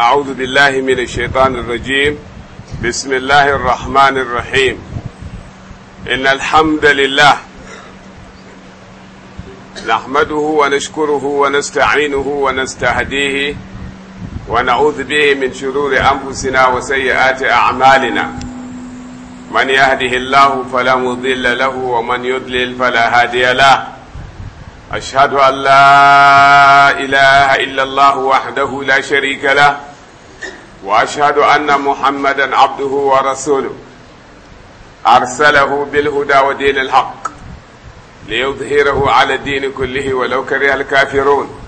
أعوذ بالله من الشيطان الرجيم بسم الله الرحمن الرحيم إن الحمد لله نحمده ونشكره ونستعينه ونستهديه ونعوذ به من شرور أنفسنا وسيئات أعمالنا من يهده الله فلا مضل له ومن يضلل فلا هادي له أشهد أن لا إله إلا الله وحده لا شريك له وأشهد أن محمدا عبده ورسوله أرسله بالهدى ودين الحق ليظهره على الدين كله ولو كره الكافرون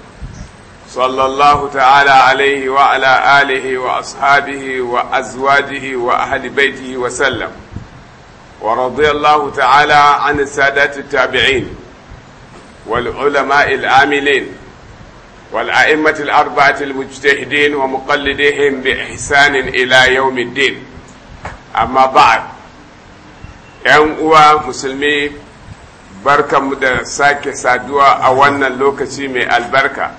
صلى الله تعالى عليه وعلى آله وأصحابه وأزواجه وأهل بيته وسلم ورضي الله تعالى عن السادات التابعين والعلماء العاملين والأئمة الأربعة المجتهدين ومقلديهم بإحسان إلى يوم الدين أما بعد ‘yan uwa musulmi barkanmu da sake saduwa a wannan lokaci mai albarka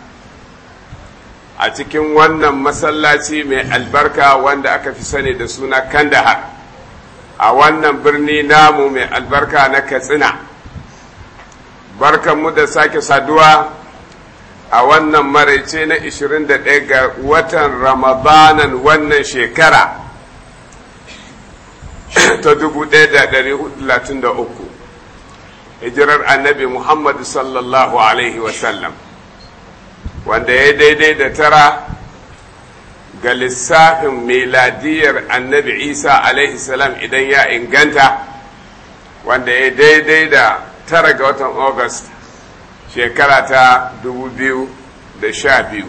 a cikin wannan masallaci mai albarka wanda aka fi sani da suna kandahar a wannan birni namu mai albarka na katsina barkanmu da sake saduwa a wannan maraice na 21 ga watan ramadanan wannan shekara ta 1433 hijirar annabi muhammadu sallallahu alaihi wasallam wanda ya daidai da tara ga lissafin miladiyar annabi isa alaihi salam idan ya inganta wanda ya daidai da tara ga watan august shekara ta sha biyu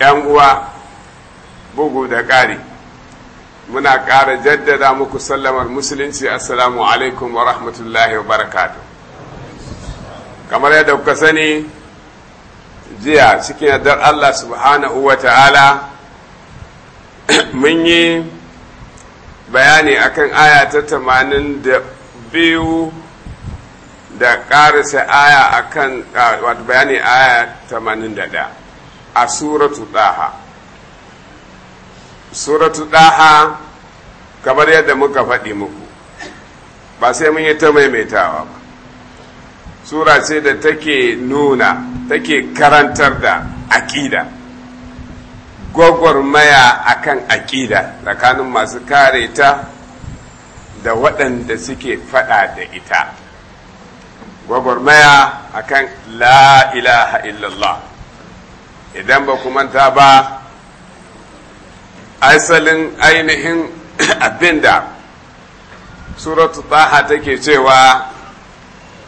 'yan uwa bugu da ƙari muna ƙara jaddada muku sallamar musulunci assalamu alaikum wa rahmatullahi wa barakatu kamar yadda kuka sani jiya cikin yardar allah subhanahu wa ta'ala mun yi bayani akan aya ta 82 da ƙarisa aya a kan bayani aya 81 a suratu ɗaha suratu ɗaha kamar yadda muka faɗi muku ba sai mun yi ta maimaitawa ba sura ce da take nuna take karantar da aƙida gwagwarmaya a kan aƙida tsakanin masu kare ta da waɗanda suke faɗa da ita gwagwarmaya akan la ilaha illallah idan ba manta ba asalin ainihin abinda suratu taha take cewa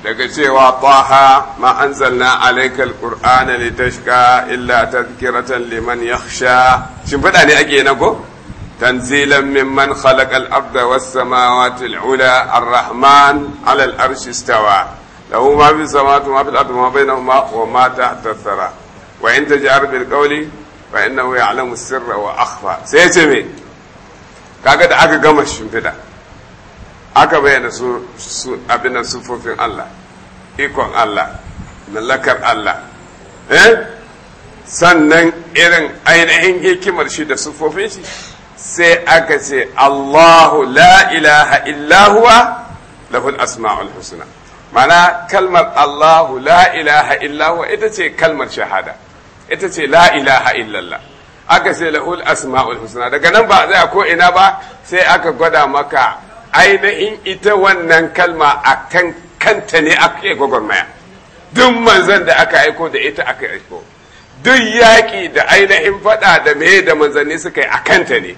daga cewa taha ma anzalna alaikal qur'ana litashqa illa tadhkiratan liman yakhsha shin fada ne ake na ko تنزيلا ممن خلق الأرض والسماوات العلى الرحمن على الأرش استوى له ما في السماوات وما في الأرض وما بينهما وما تحت الثرى وإن تجهر بالقول فإنه يعلم السر وأخفى سيتمي kaga da aka gama shimfiɗa aka bayyana su sufofin Allah ikon Allah mallakar Allah eh sannan irin ainihin hikimar shi da sufofin shi sai aka ce Allahu la ilaha illa huwa lahul asma'ul husna mana kalmar Allahu la ilaha illahu ita ce kalmar shahada ita ce la ilaha illallah aka ce lahul asma'ul husna daga nan ba zai ko ina ba sai aka gwada maka ainihin ita wannan kalma a kan kanta ne ake gwagwarmaya duk manzan da aka aiko da ita aka aiko duk yaƙi da ainihin faɗa da me da manzanni suka yi a kanta ne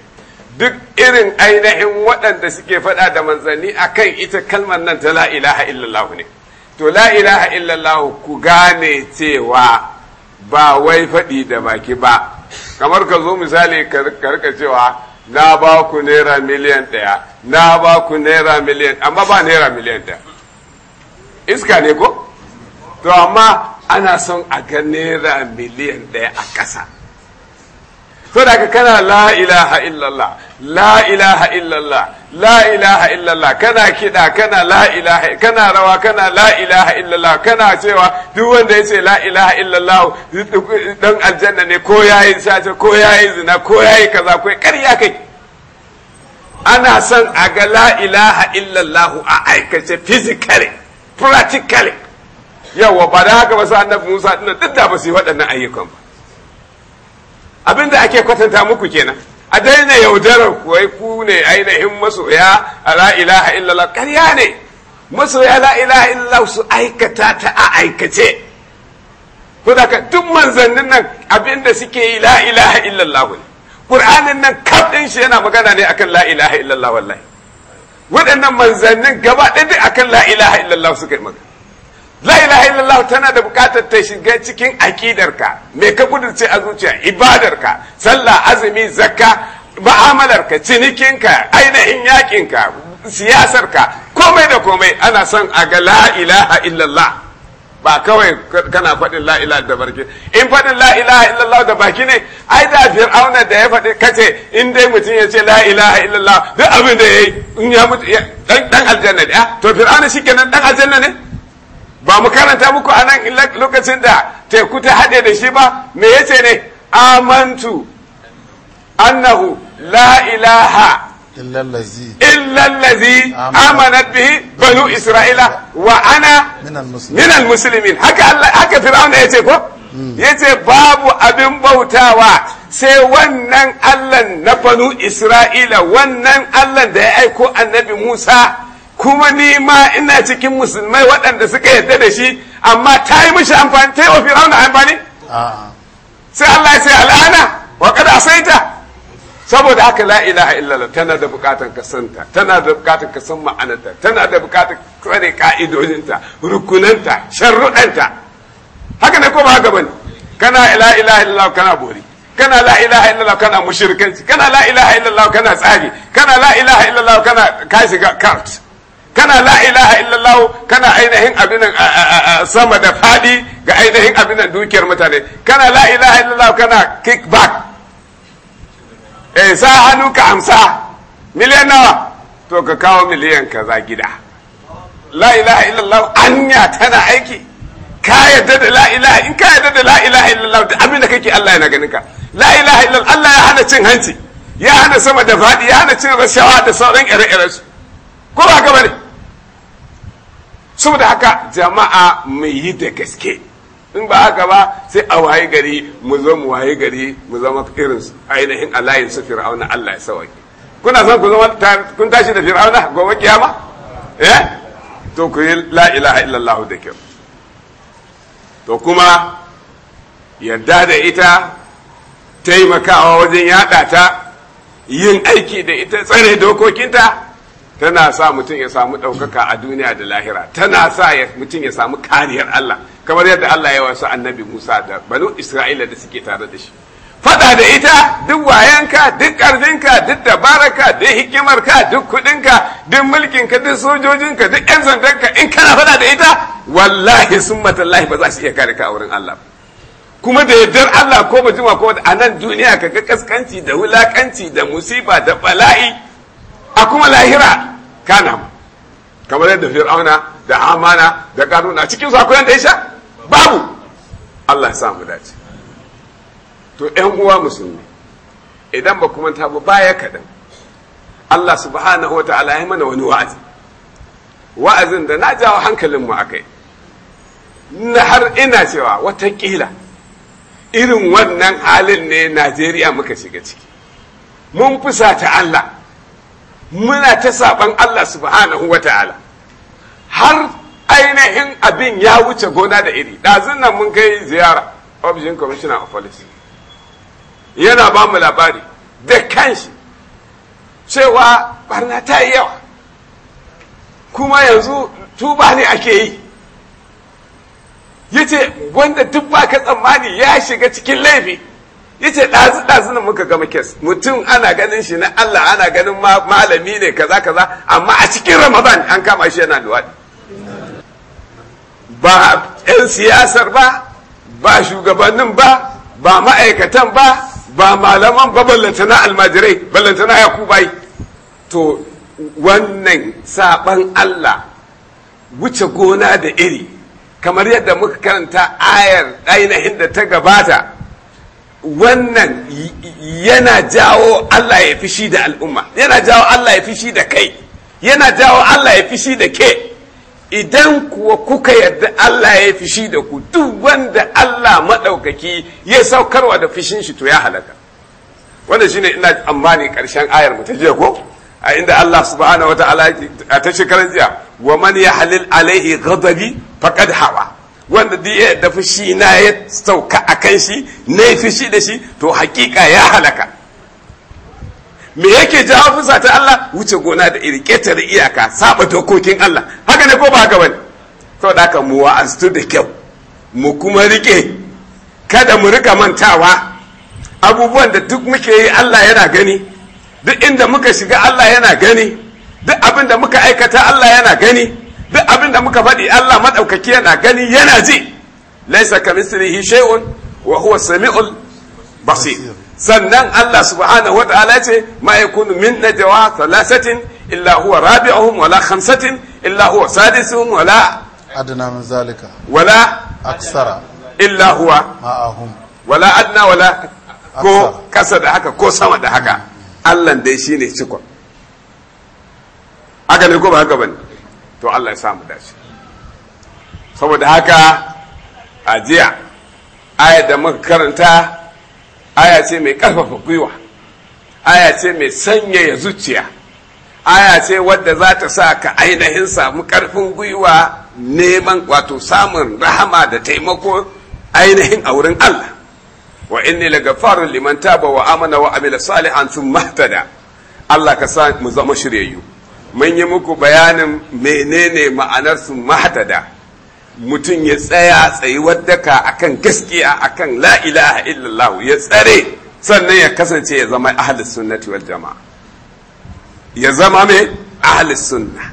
duk irin ainihin waɗanda suke faɗa da manzanni akan ita kalmar nan ta la ilaha ne to la ilaha ku gane cewa ba wai faɗi da baki ba kamar ka zo misali ka cewa na ba ku naira miliyan ɗaya na ba ku naira miliyan amma ba naira miliyan ɗaya iska ne ko to amma ana son a ga naira miliyan ɗaya a ƙasa so da ka kana la ilaha illallah la ilaha illallah la ilaha illallah kana kida kana la ilaha kana rawa kana la ilaha illallah kana cewa duk wanda ya ce la ilaha illallah dan aljanna ne ko yayi sace ko yayi zina ko yayi kaza ko ƙarya kai ana son a ga la ilaha illallah a aikace physically practically yawa ba da haka ba sa annabi Musa dinnan duk da ba su yi waɗannan ayyukan ba abin da ake kwatanta muku kenan a daina yaudarar ku ku ne ainihin masoya a la'ilaha illallah ƙarya ne masoya la ilaha illallah su aikata ta a aikace ko da ka duk manzannin nan abin da suke yi la ilaha illallah ne qur'anin nan kaf din shi yana magana ne akan la'ilaha illallah wallahi waɗannan manzannin gaba ɗaya akan la'ilaha ilaha illallah suka yi magana la ilaha illallah tana da bukatar ta shiga cikin aqidarka me ka kudurce a zuciya ibadarka sallah azumi zakka ma'amalarka cinikinka ainihin yakinka siyasarka komai da komai ana son a ga la ilaha illallah ba kawai kana faɗin la ilaha da barki in faɗin la ilaha illallah da baki ne ai da fir'auna da ya faɗi kace in dai mutum ya ce la ilaha illallah duk abin da ya yi in ya mutu dan aljanna ne ah, to fir'auna shi kenan dan aljanna ne ba mu karanta muku a nan lokacin da teku ta haɗe da shi ba me yace ne amantu annahu la ilaha illallazi amanat bihi banu isra'ila wa ana minal muslimin haka Allah ya ce ko hmm. ya ce babu abin bautawa sai wannan allan na banu isra'ila wannan allan da ya aiko annabi Musa kuma ni ma ina cikin musulmai waɗanda suka yadda da shi amma ta yi mishi amfani ta yi wa fir'auna amfani sai Allah ya sai al'ana wa kada asaita saboda haka la ilaha illallah tana da san kasanta tana da bukatan kasan ma'anarta tana da bukatar tsare ka'idojinta rukunanta sharruɗanta haka ne ko ba haka bane kana la ilaha illallah kana bori kana la ilaha illallah kana mushrikanci kana la ilaha illallah kana tsari kana la ilaha illallah kana kashi ga cart kana la ilaha illallah kana ainihin abin sama da fadi ga ainihin abin dukiyar mutane kana la ilaha illallah kana kickback eh sa hannu ka amsa miliyan nawa to ka kawo miliyan kaza gida la ilaha illallah anya tana aiki ka yadda da la ilaha in ka yadda da la ilaha illallah da abin da kake Allah yana ganin ka la ilaha illallah Allah ya hana cin hanci ya hana sama da fadi ya hana cin rashawa da sauran ire su ko ba ka bane saboda haka jama'a mai yi da gaske in ba haka ba sai a waye gari mu zo mu waye gari mu zama irin ainihin alayin su fir'auna Allah ya sawaki kuna son ku zama kun tashi da fir'auna gobe kiyama eh to ku yi la ilaha illallah da kyau to kuma yadda da ita taimakawa wajen yada ta yin aiki da ita tsare dokokinta tana sa mutum ya samu ɗaukaka a duniya da lahira tana sa mutum ya samu kariyar Allah kamar yadda Allah ya wasu annabi Musa da banu Isra'ila da suke tare da shi fada da ita duk wayanka duk ƙarfinka duk dabaraka duk hikimarka duk kuɗinka duk mulkinka duk sojojinka duk ƴan zantanka in kana fada da ita wallahi sun matallahi ba za su iya kare ka a wurin Allah kuma da yardar Allah ko jima ko a nan duniya ka ga kaskanci da wulakanci da musiba da bala'i a kuma lahira kana kamar yadda fir'auna da amana da karuna cikin su akwai wanda ya babu Allah ya samu dace to ƴan uwa musulmi idan ba kuma tabo baya kadan Allah subhanahu wata'ala ya mana wani wa'azi wa'azin da na jawo hankalinmu a kai na har ina cewa watakila irin wannan halin ne najeriya muka shiga ciki mun fusata allah muna ta saban Allah subhanahu wa ta'ala har ainihin abin ya wuce gona da iri ɗazin nan mun kai ziyara ofishin commissioner of police yana ba mu labari da kanshi cewa barna ta yi yawa kuma yanzu tuba ne ake yi yace wanda duk ba ka tsammani ya shiga cikin laifi yace ɗazu ɗazu nan muka gama kes mutum ana ganin shi na Allah ana ganin malami ne kaza kaza amma a cikin Ramadan an kama shi yana luwaɗi ba 'yan siyasar ba ba shugabannin ba ba ma'aikatan ba ba malaman ba ballantana almajirai ballantana ya kubai to wannan saban Allah wuce gona da iri kamar yadda muka karanta ayar ainihin da ta gabata wannan yana jawo Allah ya fishi da al'umma yana jawo Allah ya fishi da kai yana jawo Allah ya fishi da ke idan kuwa kuka yarda Allah ya fishi da ku duk wanda Allah maɗaukaki ya saukarwa da fishin shi to ya halaka wanda shine ina amfani ƙarshen ayar mu ta jiya ko a inda Allah subhanahu wataala a ta shekarar jiya wa man yahlil alaihi ghadabi faqad hawa wanda da ya da shi na ya sauka a kan shi na ya fi shi da shi to hakika ya halaka me yake jawo fusa ta Allah wuce gona da iri da iyaka saba dokokin Allah haka ne ko ba haka bane saboda muwa mu wa'aztu da kyau mu kuma rike kada mu rika mantawa abubuwan da duk muke yi Allah yana gani duk inda muka shiga Allah yana gani duk abin da muka aikata Allah yana gani duk abin da muka faɗi Allah maɗaukaki yana gani yana ji laisa ka mislihi shay'un wa huwa sami'ul basir sannan Allah subhanahu ta'ala ce ma yakunu min najwa thalathatin illa huwa rabi'uhum wala khamsatin illa huwa sadisuhum wala adna min zalika wala aksara illa huwa ma'ahum wala adna wala ko kasa da haka ko sama da haka mm. Allah dai shine cikon aga ne ko ba haka bane to Allah ya samu dace saboda haka ajiya aya da muka karanta aya ce mai karfafa gwiwa aya ce mai sanyaya zuciya aya ce wadda za ta sa ka ainihin samu karfin gwiwa neman wato samun rahama da taimako ainihin a wurin Allah wa inni la gafarun liman taba wa amana wa amila salihan sun mahtada Allah ka sa mu zama shiryayyu mun yi muku bayanin menene ma'anar su mahadada mutum ya tsaya tsayi daka akan gaskiya akan la ilaha illallah ya tsare sannan ya kasance ya zama ahli sunnati wal jama'a ya zama me ahli sunna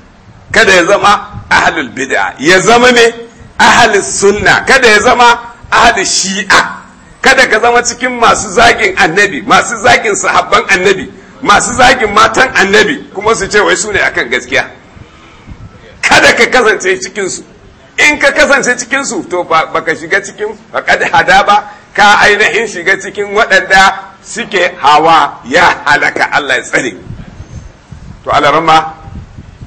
kada ya zama ahlul bid'a ya zama me ahlus sunna kada ya zama ahlus shi'a kada ka zama cikin masu zagin annabi masu zagin sahabban annabi masu zagin matan annabi kuma su ce wai su ne akan gaskiya kada ka kasance cikinsu in ka kasance cikinsu to baka shiga cikin hada ba ka ainihin shiga cikin waɗanda suke hawa ya halaka Allah ya tsare to alarama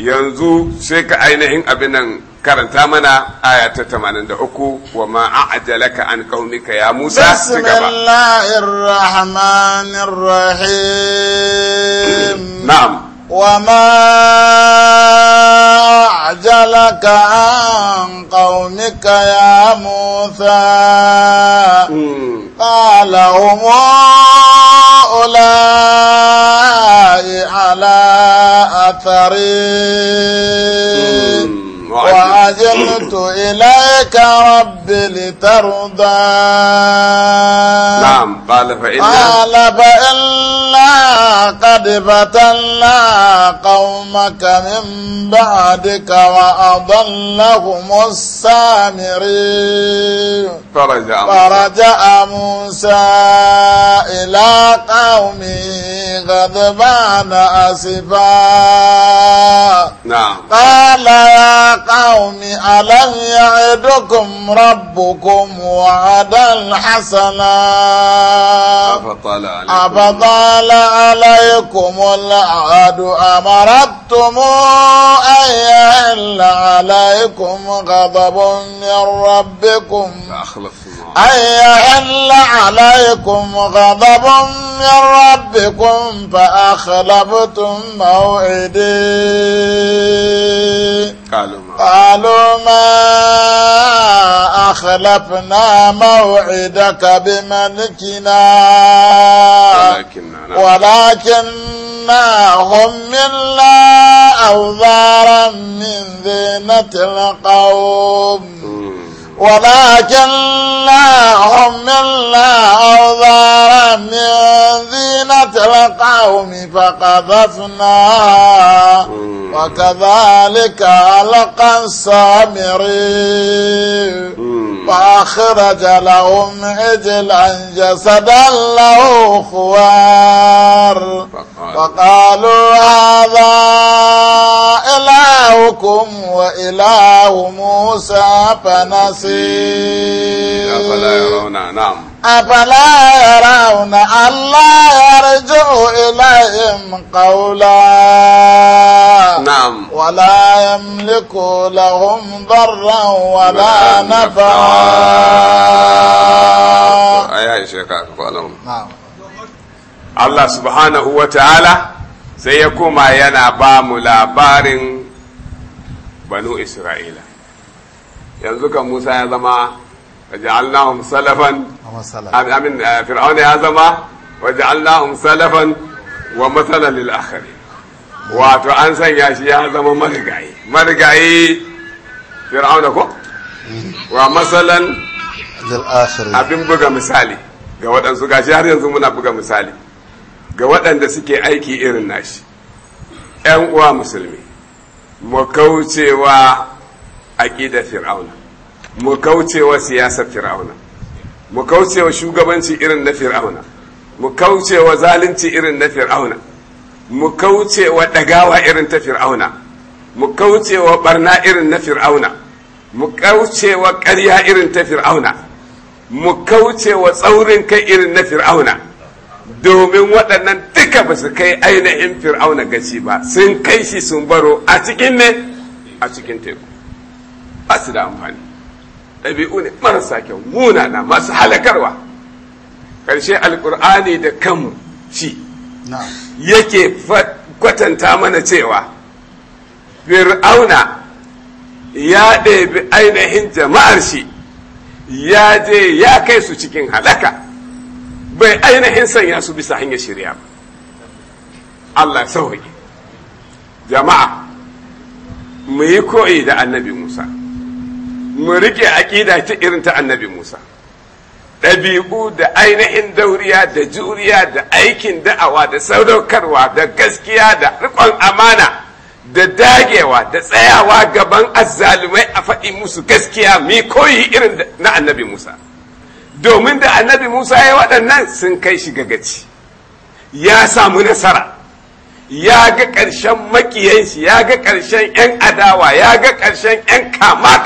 yanzu sai ka ainihin abin nan karanta mana aya ta 83 wa ma a'jalaka an qaumika ya Musa bismillahir rahmanir rahim na'am وما أعجلك عن قومك يا موسى musa قال هم أولئك ala أثري وعجلت إليك رب لترضى نعم قال فإنا قال فإنا قد فتنا قومك من بعدك وأضلهم السامري فرجع, فرجع موسى إلى قومه غضبان أسفا نعم قال يا قوم ألم يعدكم ربكم وعدا حسنا أفطال عليكم, أفطال عليكم العهد أمرت أحسبتم أن يهل عليكم غضب من ربكم أن يهل عليكم غضب من ربكم فأخلفتم موعدي قالوا قالوا ما أخلفنا موعدك بملكنا ولكننا هم إلا أوزارا من ذينة القوم وما كلاهم إلا أوزارا من زينة القوم فقذفناها وكذلك ألقى السامري فأخرج لهم عجلا جسدا له خوار فقالوا هذا إلهكم وإله موسى فنسي أفلا يرون نعم أفلا يرون ألا يرجع إليهم قولا نعم ولا يملك لهم ضرا ولا نفعا أي شيخ نعم Allah subhanahu wa ta'ala sai ya koma yana ba mu labarin banu isra'ila yanzu kan musa ya zama waja'alnahum salafan amin eh, fir'auna ya zama waja'alnahum salafan wa matsalan lil akhirin wato an sanya shi ya zama marigayi marigayi fir'auna ko wa matsalan abin buga misali ga waɗansu gashi har yanzu muna buga misali ga waɗanda suke aiki irin nashi ‘yan uwa musulmi mu kaucewa aqidar fir'auna mu kaucewa siyasar fir'auna mu kaucewa shugabanci irin na fir'auna mu kaucewa zalunci irin na fir'auna mu kaucewa ɗagawa irin ta fir'auna mu kaucewa barna irin na fir'auna mu kaucewa ƙarya irin ta fir'auna mu kaucewa tsaurin kai irin na fir'auna domin waɗannan duka ba su kai ainihin fir'auna gaci ba sun kai shi sun baro a cikin ne a cikin teku ba su da amfani ɗabi'u ne marasa kyau munana masu halakarwa ƙarshe alƙur'ani da kanmu shi yake kwatanta mana cewa fir'auna ya ɗabi ainihin jama'ar shi ya je ya kai su cikin halaka bai ainihin sanya su bisa hanyar shirya ba Allah ya sauhaƙi jama'a mu yi koyi da annabi Musa mu rike aƙida ta irin ta annabi Musa ɗabi'u da ainihin dauriya da juriya da aikin da'awa da sadaukarwa da gaskiya da riƙon amana da dagewa da tsayawa gaban azzalumai a faɗi musu gaskiya mi koyi irin na annabi musa domin da annabi musa ya waɗannan sun kai shi gaci ya samu nasara ya ga ƙarshen makiyanshi ya ga ƙarshen 'yan adawa ya ga ƙarshen 'yan kama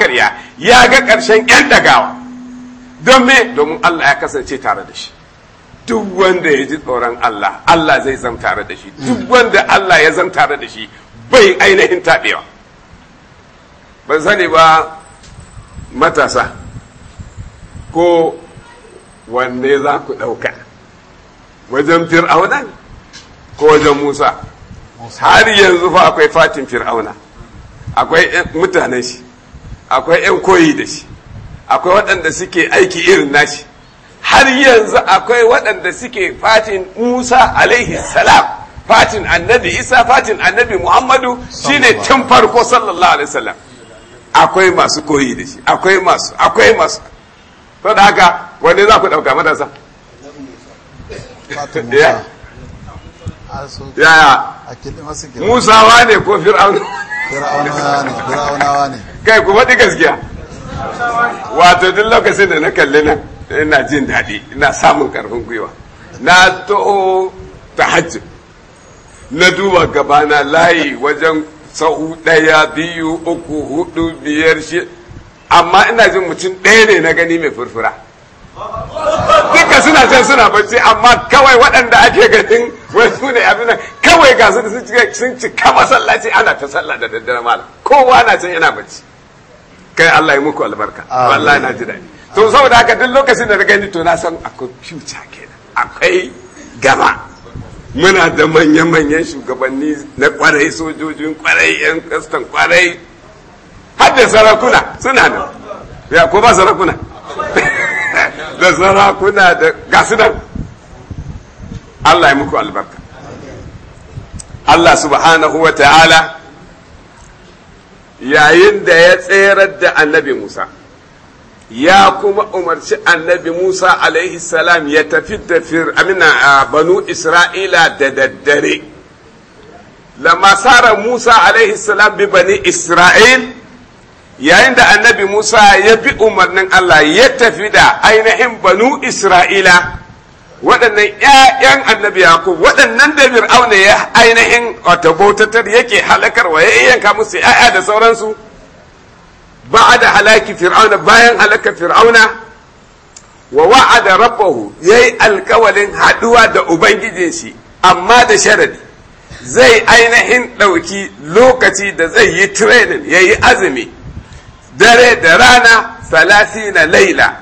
ya ga ƙarshen 'yan dagawa don me domin allah ya kasance tare da shi duk wanda ya ji tsoron allah allah zai zan tare da shi duk hmm. wanda allah ya zan tare da shi bai ainihin taɓewa ban sani ba matasa ko wanne za ku ɗauka wajen fir'auna ko wajen musa har yanzu fa akwai fatin fir'auna akwai mutanen shi akwai 'yan koyi da shi akwai waɗanda suke aiki irin nashi har yanzu akwai waɗanda suke fatin musa alaihi salam fatin annabi isa fatin annabi muhammadu shine tun farko sallallahu alaihi salam akwai masu koyi da shi akwai masu akwai masu to da haka wanda za ku ɗauka matasa yaya musawa ne ko fir'aunawa ne kai ku faɗi gaskiya wato duk lokacin da na kalli na. ina jin daɗi ina samun ƙarfin gwiwa na taho ta hajji na duba gabana layi wajen sa'u ɗaya biyu uku hudu biyar shi amma ina jin mutum ɗaya ne na gani mai furfura duka suna can suna bacci amma kawai waɗanda ake ganin wasu ne abin nan kawai ga sun cika masallaci ana ta sallah da daddare mala kowa na can yana bacci kai Allah ya muku albarka wallahi na ji daɗi to saboda haka duk lokacin da na gani to na san akwai future kenan akwai gaba muna da manya-manyan shugabanni na kwarai sojojin kwarai 'yan kastan kwarai har hadda sarakuna suna nan ya ko ba sarakuna da sarakuna da gasu nan Allah ya muku albarka Allah subhanahu wa ta'ala yayin da ya tserar da annabi Musa ya kuma umarci annabi Musa alaihi salam ya tafi da amina a banu Isra'ila da daddare. Lama sara Musa alaihi salam bi bani Isra'il yayin da annabi Musa ya bi umarnin Allah ya tafi da ainihin banu Isra'ila waɗannan ‘ya'yan annabi Yakub waɗannan da Fir'auna ya ainihin wata bautatar yake halakarwa ya yanka musu ‘ya'ya da sauransu ba da halaki Fir'auna bayan halakar Fir'auna wa wa'ada rabbahu ya yi alkawalin haɗuwa da Ubangijin amma da sharadi zai ainihin ɗauki lokaci da zai yi training ya yi azumi dare da rana salasi na laila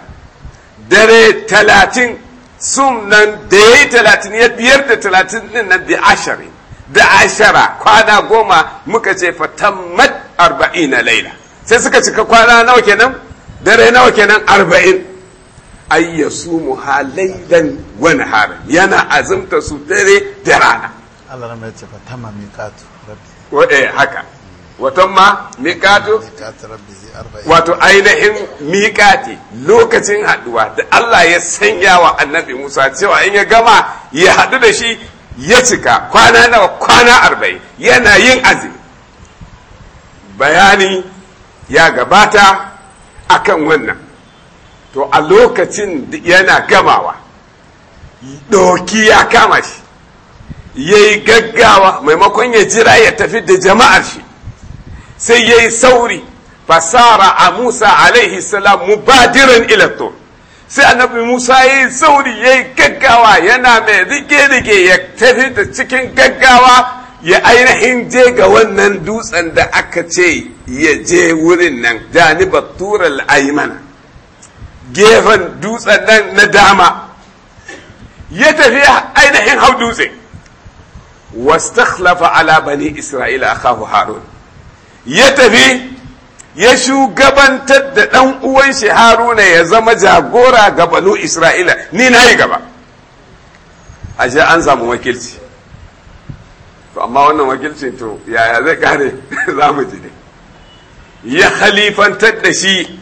dare talatin sun nan da ya yi talatin ya biyar da talatin din nan da ashari da ashara kwana goma muka ce fatammat arba'i na laila sai suka cika kwana nawa kenan dare nawa kenan arba'in ai ya su muhalailan wani harin yana azumta su dare da rana Allah na mai ce fatamma miqatu rabbi eh, haka watan ma miƙatu wato ainihin miƙati lokacin haɗuwa da Allah ya sanya wa annabi Musa cewa in ya gama ya haɗu da shi ya cika kwana nawa kwana arba'in yana yin azumi bayani ya gabata akan wannan to a lokacin yana gamawa ɗoki ya kama shi ya yi gaggawa maimakon ya jira ya tafi da jama'ar shi sai yayi sauri fasara a Musa alaihi salam mubadirin ila sai annabi Musa yayi sauri yayi gaggawa yana mai rige-rige ya tafi da cikin gaggawa ya ainihin je ga wannan dutsen da aka ce ya je wurin nan janibar tural aimana gefen dutsen nan na dama ya tafi ainihin hau dutse wastakhlafa ala bani isra'ila akahu harun ya tafi ya shugabantar da ɗan uwan shi haruna ya zama jagora ga banu isra'ila ni na yi gaba A shi an samu wakilci to amma wannan wakilcin to yaya zai kare za mu ji ne ya khalifantar da shi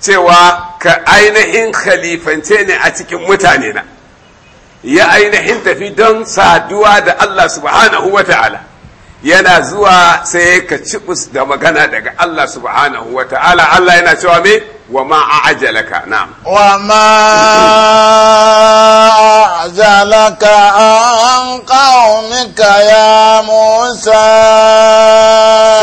cewa ka ainihin khalifance ne a cikin mutane na ya ainihin tafi don saduwa da Allah subhanahu wa ta'ala yana zuwa sai ka cibus da magana daga Allah subhanahu wa ta'ala Allah yana cewa me wa ma ajalaka na'am wa ma an qaumika ya Musa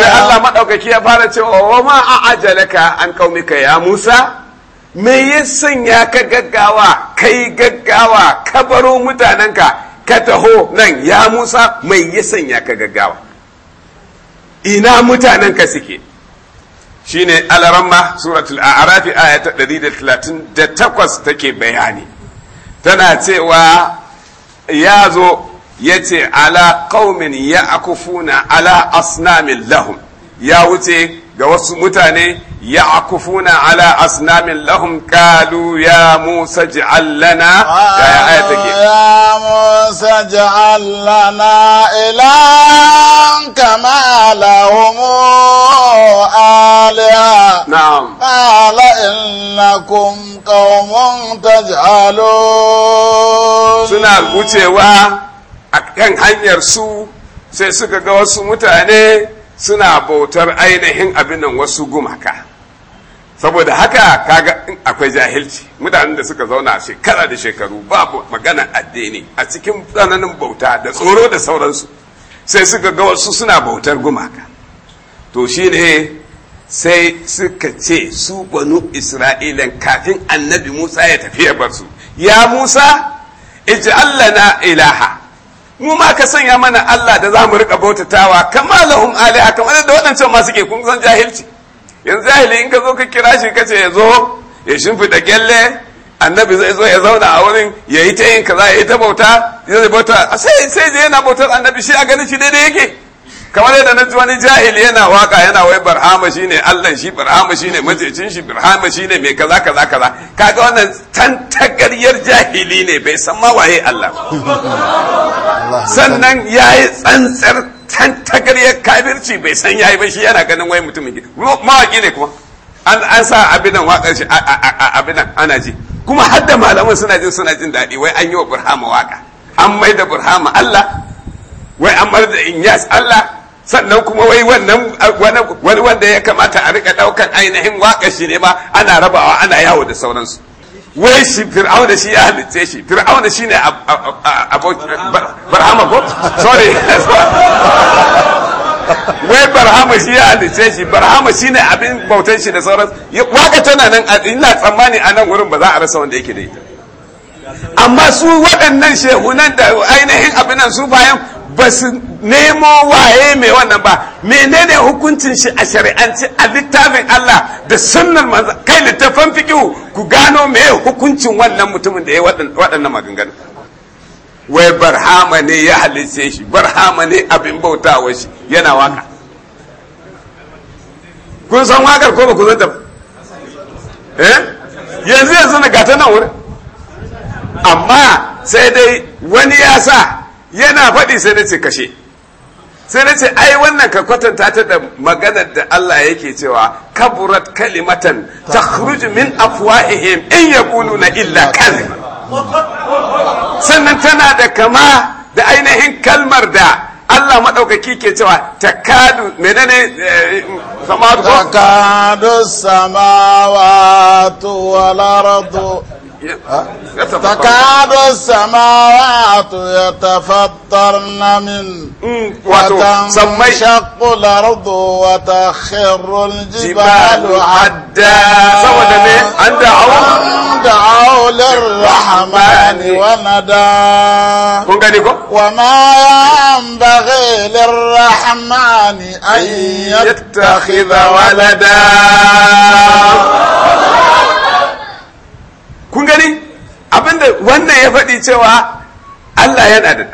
sai Allah madaukaki ya fara cewa wa ma ajalaka an qaumika ya Musa me ya ka gaggawa kai gaggawa ka baro mutanenka ka taho nan ya Musa mai ya sanya ka gaggawa ina mutanen ka suke shine ne alarama suratul arafi aya ta 138 take bayani tana cewa ya zo ya ce ala ya ya'kufuna ala asnamin lahum ya wuce ga wasu mutane يعكفون على أصنام لهم قالوا يا موسى اجعل لنا يا موسى اجعل لنا إلها كما لهم آلهة نعم قال إنكم قوم تجعلون سنة الوتي وكان هنير سو سيسكا wasu mutane suna bautar ainihin abin nan wasu gumaka saboda haka kaga akwai jahilci mutanen da suka zauna shekara da shekaru babu magana addini a cikin tsananin bauta da tsoro da sauransu sai suka ga wasu suna bautar gumaka to shi ne sai suka ce su banu isra'ilan kafin annabi musa ya tafi ya bar su ya musa ij'al lana ilaha mu ma ka sanya mana Allah da za mu riƙa bautatawa kama lahum a kamar da waɗancan masu ke kun san jahilci yanzu jahili in ka zo ka kira shi ka ce ya zo ya shimfiɗa gyalle annabi zai zo ya zauna a wurin ya yi ta yin kaza ya yi ta bauta ya zai bauta sai sai yana bautar annabi shi a ganin shi daidai yake kamar yadda na ji wani jahili yana waka yana wai barhama shine allan shi barhama shine majecin shi barhama shine mai kaza kaza kaza kaga wannan tantagaryar jahili ne bai san mawaye waye Allah sannan yi tsantsar tantagaryar kabirci bai san yi ba shi yana ganin wai mutumin ki mawaki ne kuma an an sa abinan nan wakar shi a nan ana ji kuma hadda malaman suna jin suna jin daɗi wai an yi wa burhama waka an mai da burhama Allah wai an mar da inyas Allah sannan kuma wai wannan wani wanda ya kamata a rika daukan ainihin waka shi ne ma ana rabawa ana yawo da sauransu wai shi fir'auna shi ya halitce shi fir'auna shi ne barhama ko sorry wai barhama shi ya halitce shi barhama shi ne abin bautan shi da sauransu waka tana nan ina tsammani a nan wurin ba za a rasa wanda yake da ita amma su waɗannan shehunan da ainihin abinan su bayan ba su nemo waye mai wannan ba menene hukuncin shi a shari'anci a littafin Allah da sunnar manzo kai littafan fiqhu ku gano mai hukuncin wannan mutumin da ya waɗannan maganganu wai barhama ne ya halice shi barhama ne abin bautawa shi yana waka kun san wakar ko ba ku zanta eh yanzu yanzu na gata nan wuri amma sai dai wani ya sa yana faɗi sai na ce kashe sai na ce ai wannan ka kwatanta ta da maganar da Allah yake cewa kaburat kalimatan takhruju min afwahihim in na illa kadhib sannan tana da kama da ainihin kalmar da Allah maɗaukaki ke cewa takadu menene eh, takadu samawatu wal ardu تكاد السماوات يتفطرن من وتنشق الأرض وتخر الجبال عدا دعوا دعوا للرحمن وندا وما ينبغي للرحمن أن يتخذ ولدا kun gani abinda wannan ya faɗi cewa Allah yana da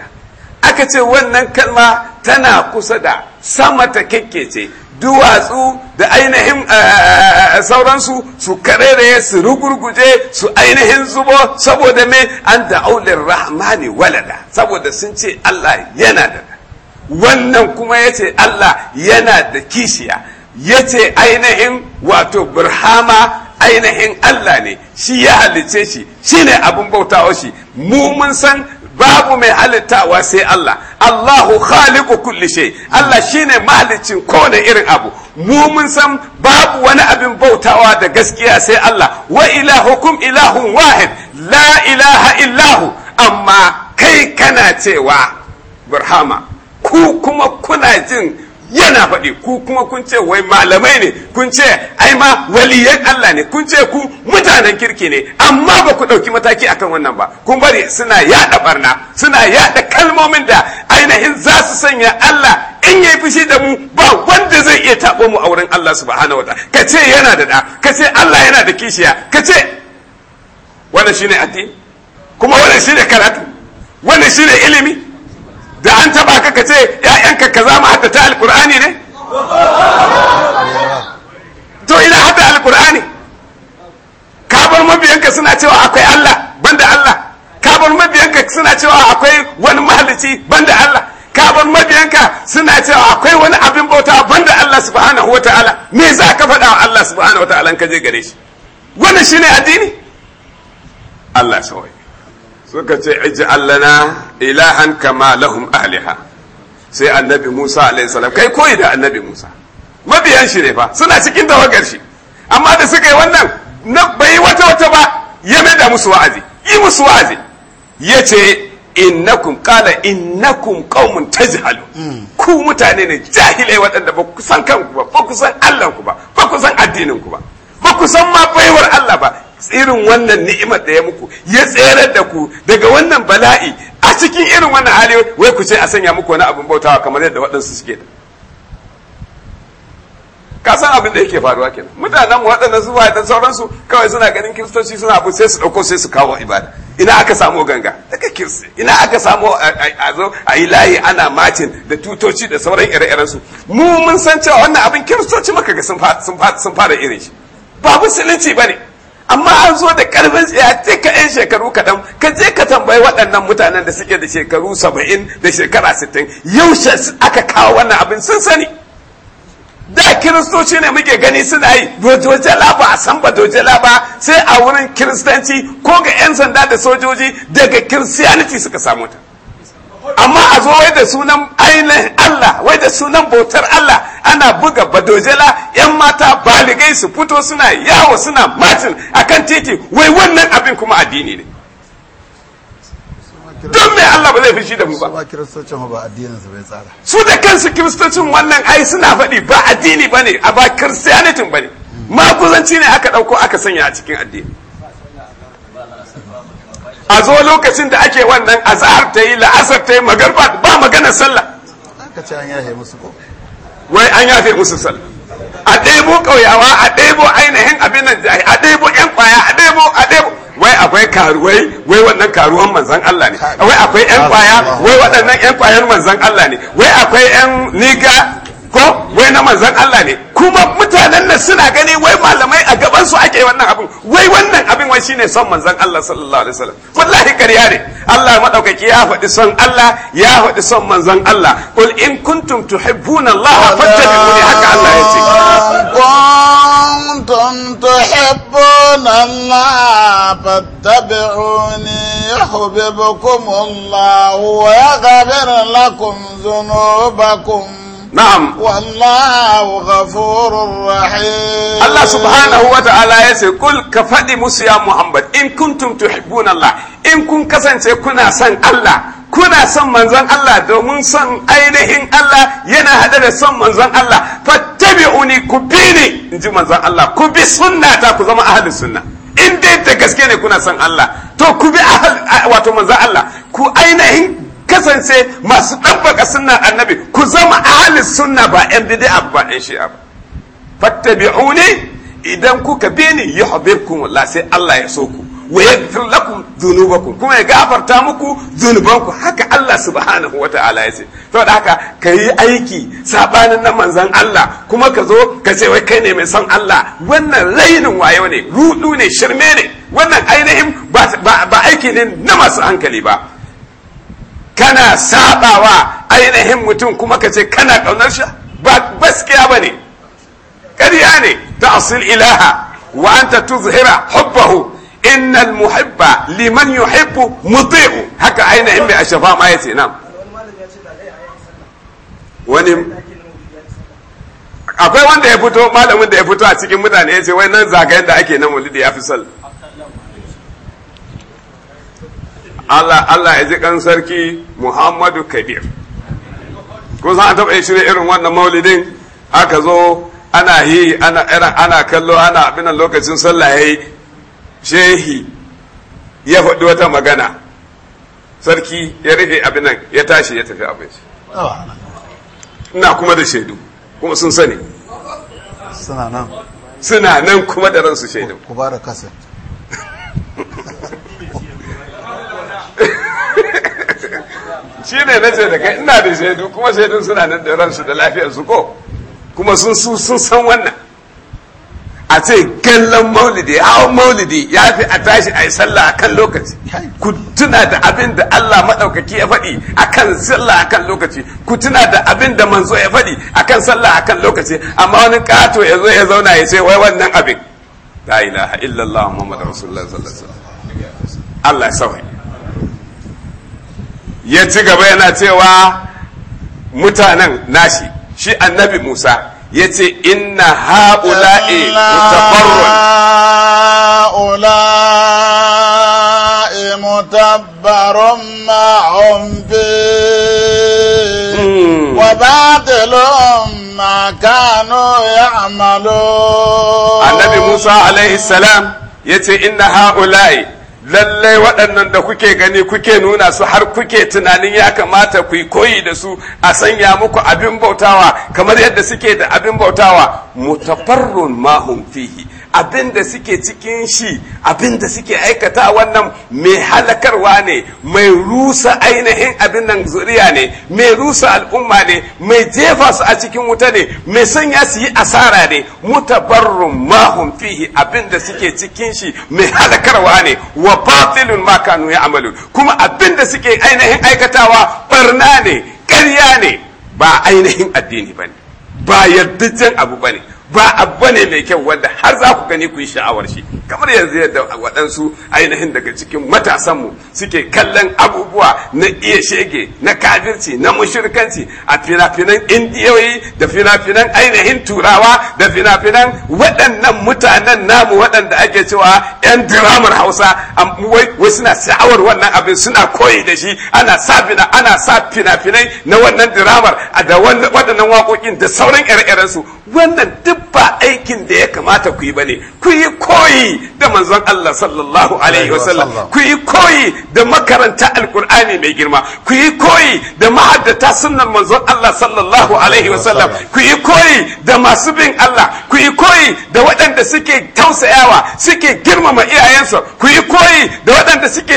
aka ce wannan kalma tana kusa da sama ta kekkece duwatsu da ainihin eh, eh, eh, sauransu su karere su rugurguje su ainihin zubo saboda me an da aulin rahmani walada saboda sun ce Allah yana da wannan kuma ya ce Allah yana da kishiya ya ce ainihin wato burhama ainihin Allah ne shi ya halice shi ne abin bautawa shi mu mun san babu mai halittawa sai Allah Allahu khaliqu kulli shay Allah shine mahalicin kowane irin abu mu mun san babu wani abin bautawa da gaskiya sai Allah wa ilahukum ilahun wahid la ilaha illahu amma kai kana cewa burhama ku kuma kuna jin yana faɗi ku kuma kun ce wai malamai ne kun ce ai ma waliyan Allah ne kun ce ku mutanen kirki ne amma ba ku ɗauki mataki akan wannan ba kun bari suna yaɗa barna suna yaɗa kalmomin da ainihin za su sanya Allah in yi fushi da mu ba wanda zai iya taɓo mu a wurin Allah subhanahu wata ka ce yana da ɗa ka ce Allah yana da kishiya ka ce wannan shine addini kuma wannan shine karatu wannan shine ilimi da an taba ka ka ce ‘ya'yanka ka mu hatta ta alkur'ani ne? to ina hatta alkur'ani kabar mabiyanka suna cewa akwai Allah banda Allah kabar mabiyanka suna cewa akwai wani mahalici banda Allah kabar mabiyanka suna cewa akwai wani abin bauta banda Allah subhanahu wa ta'ala me za ka faɗa wa Allah subhanahu wa ta'ala ka je gare shi wannan shine addini Allah ya suka ce ij'al lana ilahan kama lahum ahliha sai annabi Musa alaihi salam kai koyi da annabi Musa mabiyan shi ne fa suna cikin tawagar shi amma da suka yi wannan na bai wata wata ba ya mai da musu wa'azi yi musu wa'azi ya ce innakum qala innakum qaumun tajhalu hmm. ku mutane ne jahilai waɗanda ba ku san kanku ba ba ku san Allah ku ba ba ku san addinin ku ba ba ku san ma baiwar Allah ba irin wannan ni'imar da ya muku ya tserar da ku daga wannan bala'i a cikin irin wannan hali wai ku ce a sanya muku wani abin bautawa kamar yadda waɗansu suke da ka san abin da yake faruwa kenan mutanen mu waɗannan su da sauransu kawai suna ganin kiristoci suna abu sai su ɗauko sai su kawo ibada ina aka samu ganga daga kirsi ina aka samu a zo a yi layi ana macin da tutoci da sauran ire-iren su mu mun san cewa wannan abin kiristoci maka ga sun fara irin shi ba musulunci ba ne amma an zo da karfin tsaya ce ka yan shekaru kaɗan ka je ka tambayi waɗannan mutanen da suke da shekaru saba'in da shekara sittin yaushe aka kawo wannan abin sun sani da kiristoci ne muke gani suna yi dojela ba a san ba dojela ba sai a wurin kiristanci ko ga 'yan sanda da sojoji daga kiristiyaniti suka samu ta amma a zo wai da sunan ainihin Allah wai da sunan bautar Allah ana buga badojela yan mata baligai su fito suna yawo suna a akan titi wai wannan abin kuma addini ne don me Allah ba zai fi shi da mu ba su da kansu kiristocin wannan ai suna faɗi ba addini ba ne a ba kiristiyanitin bane maguzanci ne aka ɗauko aka sanya a cikin addini a zo lokacin da ake wannan azhar ta yi la'asar ta yi magarba ba magana sallah wai an yafe musu sallah a ɗebo ƙauyawa a ɗebo ainihin abin nan a ɗebo ƴan ƙwaya a ɗebo a ɗebo wai akwai karuwai wai wannan karuwan manzan Allah ne wai akwai ƴan ƙwaya wai waɗannan ƴan ƙwayar manzan Allah ne wai akwai ƴan niga ko wai na manzan Allah ne kuma mutanen nan suna gani wai malamai a gaban su ake wannan abin wai wannan abin wai shine son manzan Allah sallallahu alaihi wasallam wallahi ƙarya ne Allah madaukaki ya faɗi son Allah ya faɗi son manzan Allah qul in kuntum tuhibbuna Allah fattabi'uni haka Allah ya ce kuntum tuhibbuna Allah fattabi'uni yuhibbukum Allah wa yaghfir lakum dhunubakum na'am wallahu rahim Allah subhanahu wa ta'ala ya ce kul ka faɗi musu ya Muhammad in kuntum tuhibbuna Allah in kun kasance kuna son Allah kuna son manzon Allah domin son ainihin Allah yana hada da son manzon Allah fattabi'uni ku bi in ji Allah ku bi ku zama ahlus sunna in dai da gaske ne kasance masu ɗabbaka sunna annabi ku zama ahalin sunna ba yan abu ba yan shi'a ba fattabi'uni idan kuka bi ni yuhibbukum wallahi sai Allah ya so ku wa yaghfir lakum dhunubakum kuma ya gafarta muku dhunubanku haka Allah subhanahu ta'ala ya ce to da haka kai aiki sabanin na manzon Allah kuma ka zo ka ce wai kai ne mai son Allah wannan rainin wayo ne rudu ne shirme ne wannan ainihin ba aiki ne na masu hankali ba kana sabawa ainihin mutum kuma ka ce kana kaunar shi ba gaskiya bane ƙarya ne ta asil ilaha wa anta tuzhira hubbahu innal muhibba liman yuhibbu muti'u haka ainihin mai ashafa ma yace nan wani akwai wanda ya fito malamin da ya fito a cikin mutane ya ce wai nan zagayen da ake na maulidi ya fi sallah Allah Allah ya ji kan sarki Muhammadu Kabir ko san an taɓa shirya irin wannan maulidin aka zo ana yi ana ana kallo ana abin lokacin sallah yayi shehi ya faɗi wata magana sarki ya rufe abin ya tashi ya tafi abin ina kuma da shaidu kuma sun sani suna nan kuma da ransu shaidu ku ba da shi ne na ce da kai ina da shaidu kuma shaidun suna nan da ransu da lafiyarsu ko kuma sun sun san wannan a ce kallon maulidi hawan maulidi ya fi a tashi a yi sallah a kan lokaci ku tuna da abin da Allah maɗaukaki ya faɗi a kan sallah a kan lokaci ku tuna da abin da manzo ya faɗi a kan sallah a kan lokaci amma wani ƙato ya zo ya zauna ya ce wai wannan abin la ilaha illallah muhammadu rasulullah sallallahu alaihi wasallam Allah ya sauya ya ci gaba yana cewa mutanen nashi shi annabi Musa ya ce inna ha'ula'i mutabarrun mutabbarun ma'un fi hmm. wa batilun ma annabi Musa alaihi salam ya ce inna ha'ula'i lallai waɗannan da kuke gani kuke nuna su har kuke tunanin ya kamata ku koyi da su a sanya muku abin bautawa kamar yadda suke da abin bautawa mutafarrun mahum fihi abin da suke cikin shi abin da suke aikata wannan mai halakarwa ne mai rusa ainihin abin nan zuriya ne mai rusa al'umma ne mai jefa su a cikin wuta ne mai sanya su yi asara ne mutabarrun mahum fihi abin da suke cikin shi mai halakarwa ne wa batilun ma kanu ya amalu kuma abin da suke ainihin aikatawa barna ne ƙarya ne ba ainihin addini ne ba yardajen abu ba ne. ba abu ne mai kyau wanda har za ku gani ku yi sha'awar shi kamar yanzu yadda waɗansu ainihin daga cikin matasanmu suke kallon abubuwa na iya shege na kafirci na mushirkanci a finafinan indiyoyi da finafinan ainihin turawa da finafinan waɗannan mutanen namu waɗanda ake cewa 'yan diramar hausa wai suna sha'awar wannan abin suna koyi da shi ana sa ana sa na wannan diramar da waɗannan waƙoƙin da sauran ire wannan duk ba aikin da ya kamata ku yi ba ne ku yi koyi da manzon Allah sallallahu alaihi wasallam ku yi koyi da makaranta alkur'ani mai girma ku yi koyi da mahaddata sunnan manzon Allah sallallahu alaihi wasallam ku yi koyi da masu bin Allah ku yi koyi da waɗanda suke tausayawa suke girmama iyayensu ku yi koyi da waɗanda suke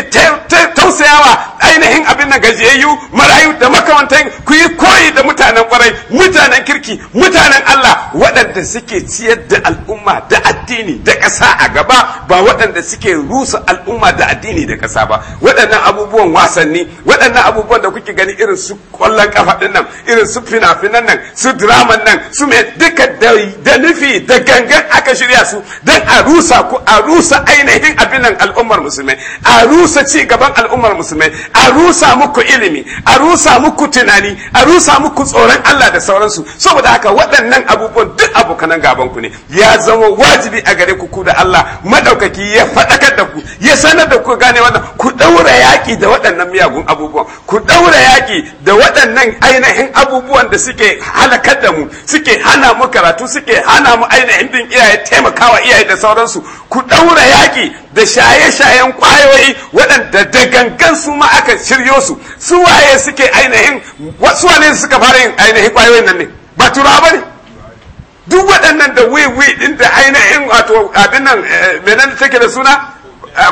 tausayawa ainihin abin nan gajiyayyu marayu da makamantan ku yi koyi da mutanen kwarai mutanen kirki mutanen Allah waɗanda suke ciyar da al'umma da addini da ƙasa a gaba ba waɗanda suke rusa al'umma da addini da ƙasa ba waɗannan abubuwan wasanni waɗannan abubuwan da kuke gani irin su kwallon kafa din nan irin su fina-finan nan su draman nan su mai duka da nufi da gangan aka shirya su don a rusa ku a rusa ainihin abin nan al'ummar musulmai a rusa ci gaban al'ummar musulmai a rusa muku ilimi a rusa muku tunani a rusa muku tsoron Allah da sauransu saboda haka waɗannan abubuwan duk abokanan gaban ku ne ya zama wajibi a gare ku ku da Allah madaukaki ya fadakar da ku ya sanar da ku gane wannan ku ɗaura yaƙi da waɗannan miyagun abubuwan ku ɗaura yaƙi da waɗannan ainihin abubuwan da suke halakar da mu suke hana mu karatu suke hana mu ainihin bin iyaye taimakawa iyaye da sauransu ku ɗaura yaƙi da shaye-shayen kwayoyi waɗanda da gangan su ma aka shiryo su su waye suke ainihin wasu wane suka fara yin ainihin kwayoyin nan ne ba turawa ba ne duk waɗannan da wiwi ɗin da ainihin wato abin nan eh, menene take da suna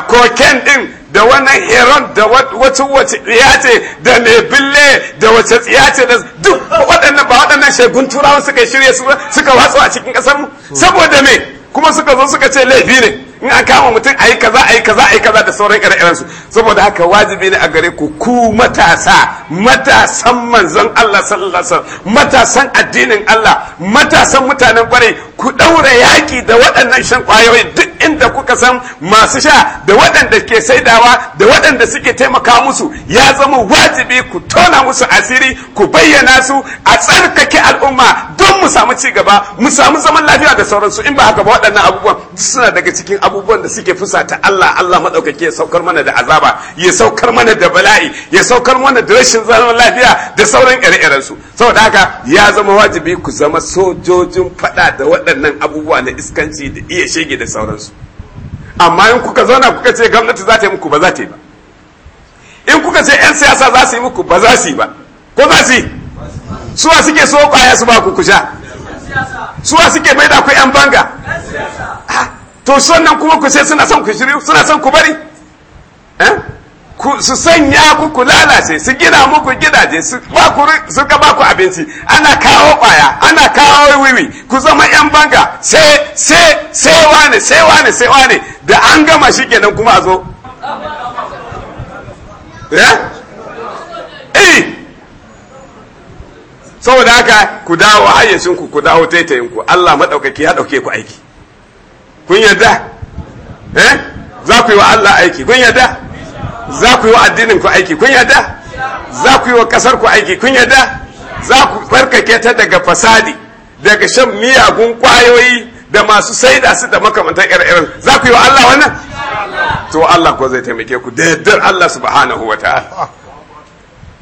koken eh, ɗin da wannan heron da wacce wace tsiya ce da bille da wace tsiya ce da duk waɗannan ba waɗannan shagun turawa suka shirya suka watsu a cikin mu saboda me kuma suka zo suka ce laifi ne in aka kama mutum a yi kaza a yi kaza a yi kaza da sauran ire su saboda haka wajibi ne a gare ku ku matasa matasan manzon Allah sallallahu alaihi wasallam matasan addinin Allah matasan mutanen kwarai ku ɗaura yaƙi da waɗannan shan ƙwayoyin duk inda kuka san masu sha da waɗanda ke saidawa da waɗanda suke taimaka musu ya zama wajibi ku tona musu asiri ku bayyana su a tsarkake al'umma don mu samu ci gaba mu samu zaman lafiya da sauransu in ba haka ba waɗannan abubuwan suna daga cikin abubuwan da suke fusata Allah Allah maɗaukaki ya saukar mana da azaba ya saukar mana da bala'i ya saukar mana da rashin zaman lafiya da sauran ire-irensu saboda haka ya zama wajibi ku zama sojojin faɗa da waɗanda waɗannan abubuwa na iskanci da iya shege da sauransu amma in kuka zauna kuka ce gwamnati za ta yi muku ba za ta yi ba in kuka ce 'yan siyasa za su yi muku ba za su yi ba ko za su yi suwa suke so kwaya su ba ku kusha suwa suke mai da ku 'yan banga ah, to sannan kuma ku ce suna son ku shiryu suna son ku bari eh su sanya ku ku lalace su gina muku gidaje su ka ba ku abinci ana kawo kwaya ana kawo wiwi ku zama yan banga sai sai sai wane sai wane sai wane da an gama shi kenan kuma a zo eh? Eh. saboda haka ku dawo hayyacinku ku dawo taitayinku Allah maɗaukaki ya ɗauke ku aiki kun yadda eh za ku yi wa Allah aiki kun yadda za ku yi wa addinin ku aiki kun yadda za ku yi wa kasar ku aiki kun yadda za ku farkake ta daga fasadi daga shan miyagun kwayoyi da masu saida su da makamantar irin za ku yi wa Allah wannan to Allah ko zai taimake ku da yaddar Allah subhanahu wa ta'ala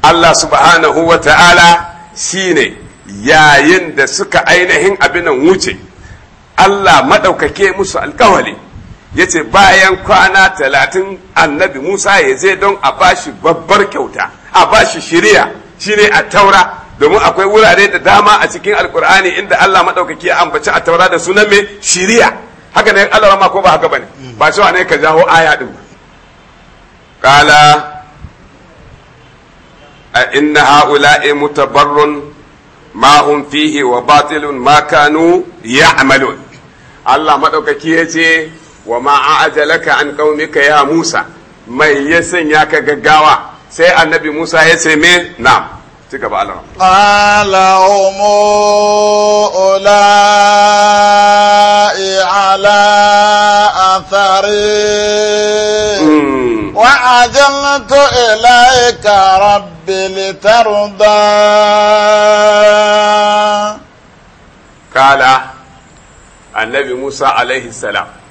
Allah subhanahu wa ta'ala shine yayin da suka ainihin abinan wuce Allah maɗaukake musu alƙawali ya ce bayan kwana talatin annabi musa ya je don a bashi babbar kyauta a bashi shirya shine a taura domin akwai wurare da dama a cikin alkur'ani inda allah maɗaukaki ya ambaci a taura da sunan mai shirya haka ne allah ma ko ba haka bane mm. ba wa ne ka jawo aya din kala a inna ha'ula'i mutabarrun ma hum fihi wa batilun ma kanu ya'malun allah maɗaukaki ya ce wa ma a'ajalaka an qaumika ya Musa mai ya sanya ka gaggawa sai annabi Musa ya ce me na'am ci gaba Allah qala umu ulai ala athari wa ajaltu ilayka rabbi litarda qala annabi Musa alaihi salam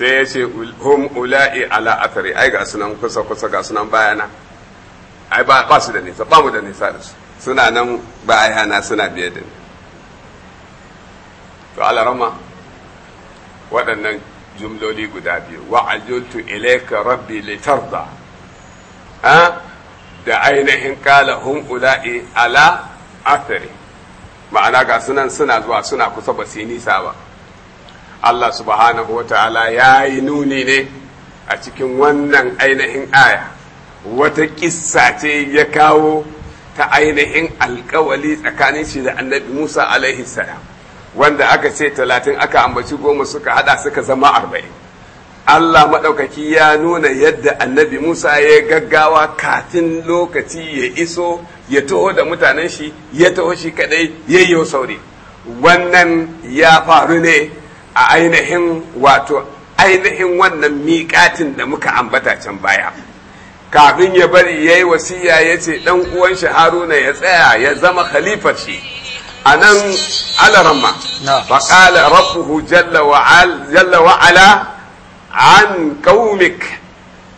sai ya ce hum ula'i ala athari ai ga sunan kusa kusa ga sunan bayana ai ba ba su da nisa ba mu da nisa da su suna nan na suna biye da ni to alarama waɗannan jumloli guda biyu wa ajultu ilayka rabbi litarda ha da ainihin kala hum ula'i ala athari ma'ana ga sunan suna zuwa suna kusa ba su yi nisa ba Allah subhanahu wa ta'ala ya yi nuni ne a cikin wannan ainihin aya wata kissa ce ya kawo ta ainihin alkawali tsakanin shi da annabi Musa alaihi salam wanda aka ce talatin aka ambaci goma suka hada suka zama arba'in Allah maɗaukaki ya nuna yadda annabi Musa ya gaggawa kafin lokaci ya iso ya taho da mutanen shi ya taho shi kadai ya yi sauri wannan ya faru ne a ainihin wato ainihin wannan miƙatin da muka ambata can baya kafin ya bari ya yi wasiya ya ce ɗan uwan shi haruna ya tsaya ya zama khalifar shi a nan alarama ba ƙala rabbuhu jalla wa'ala an ƙaumik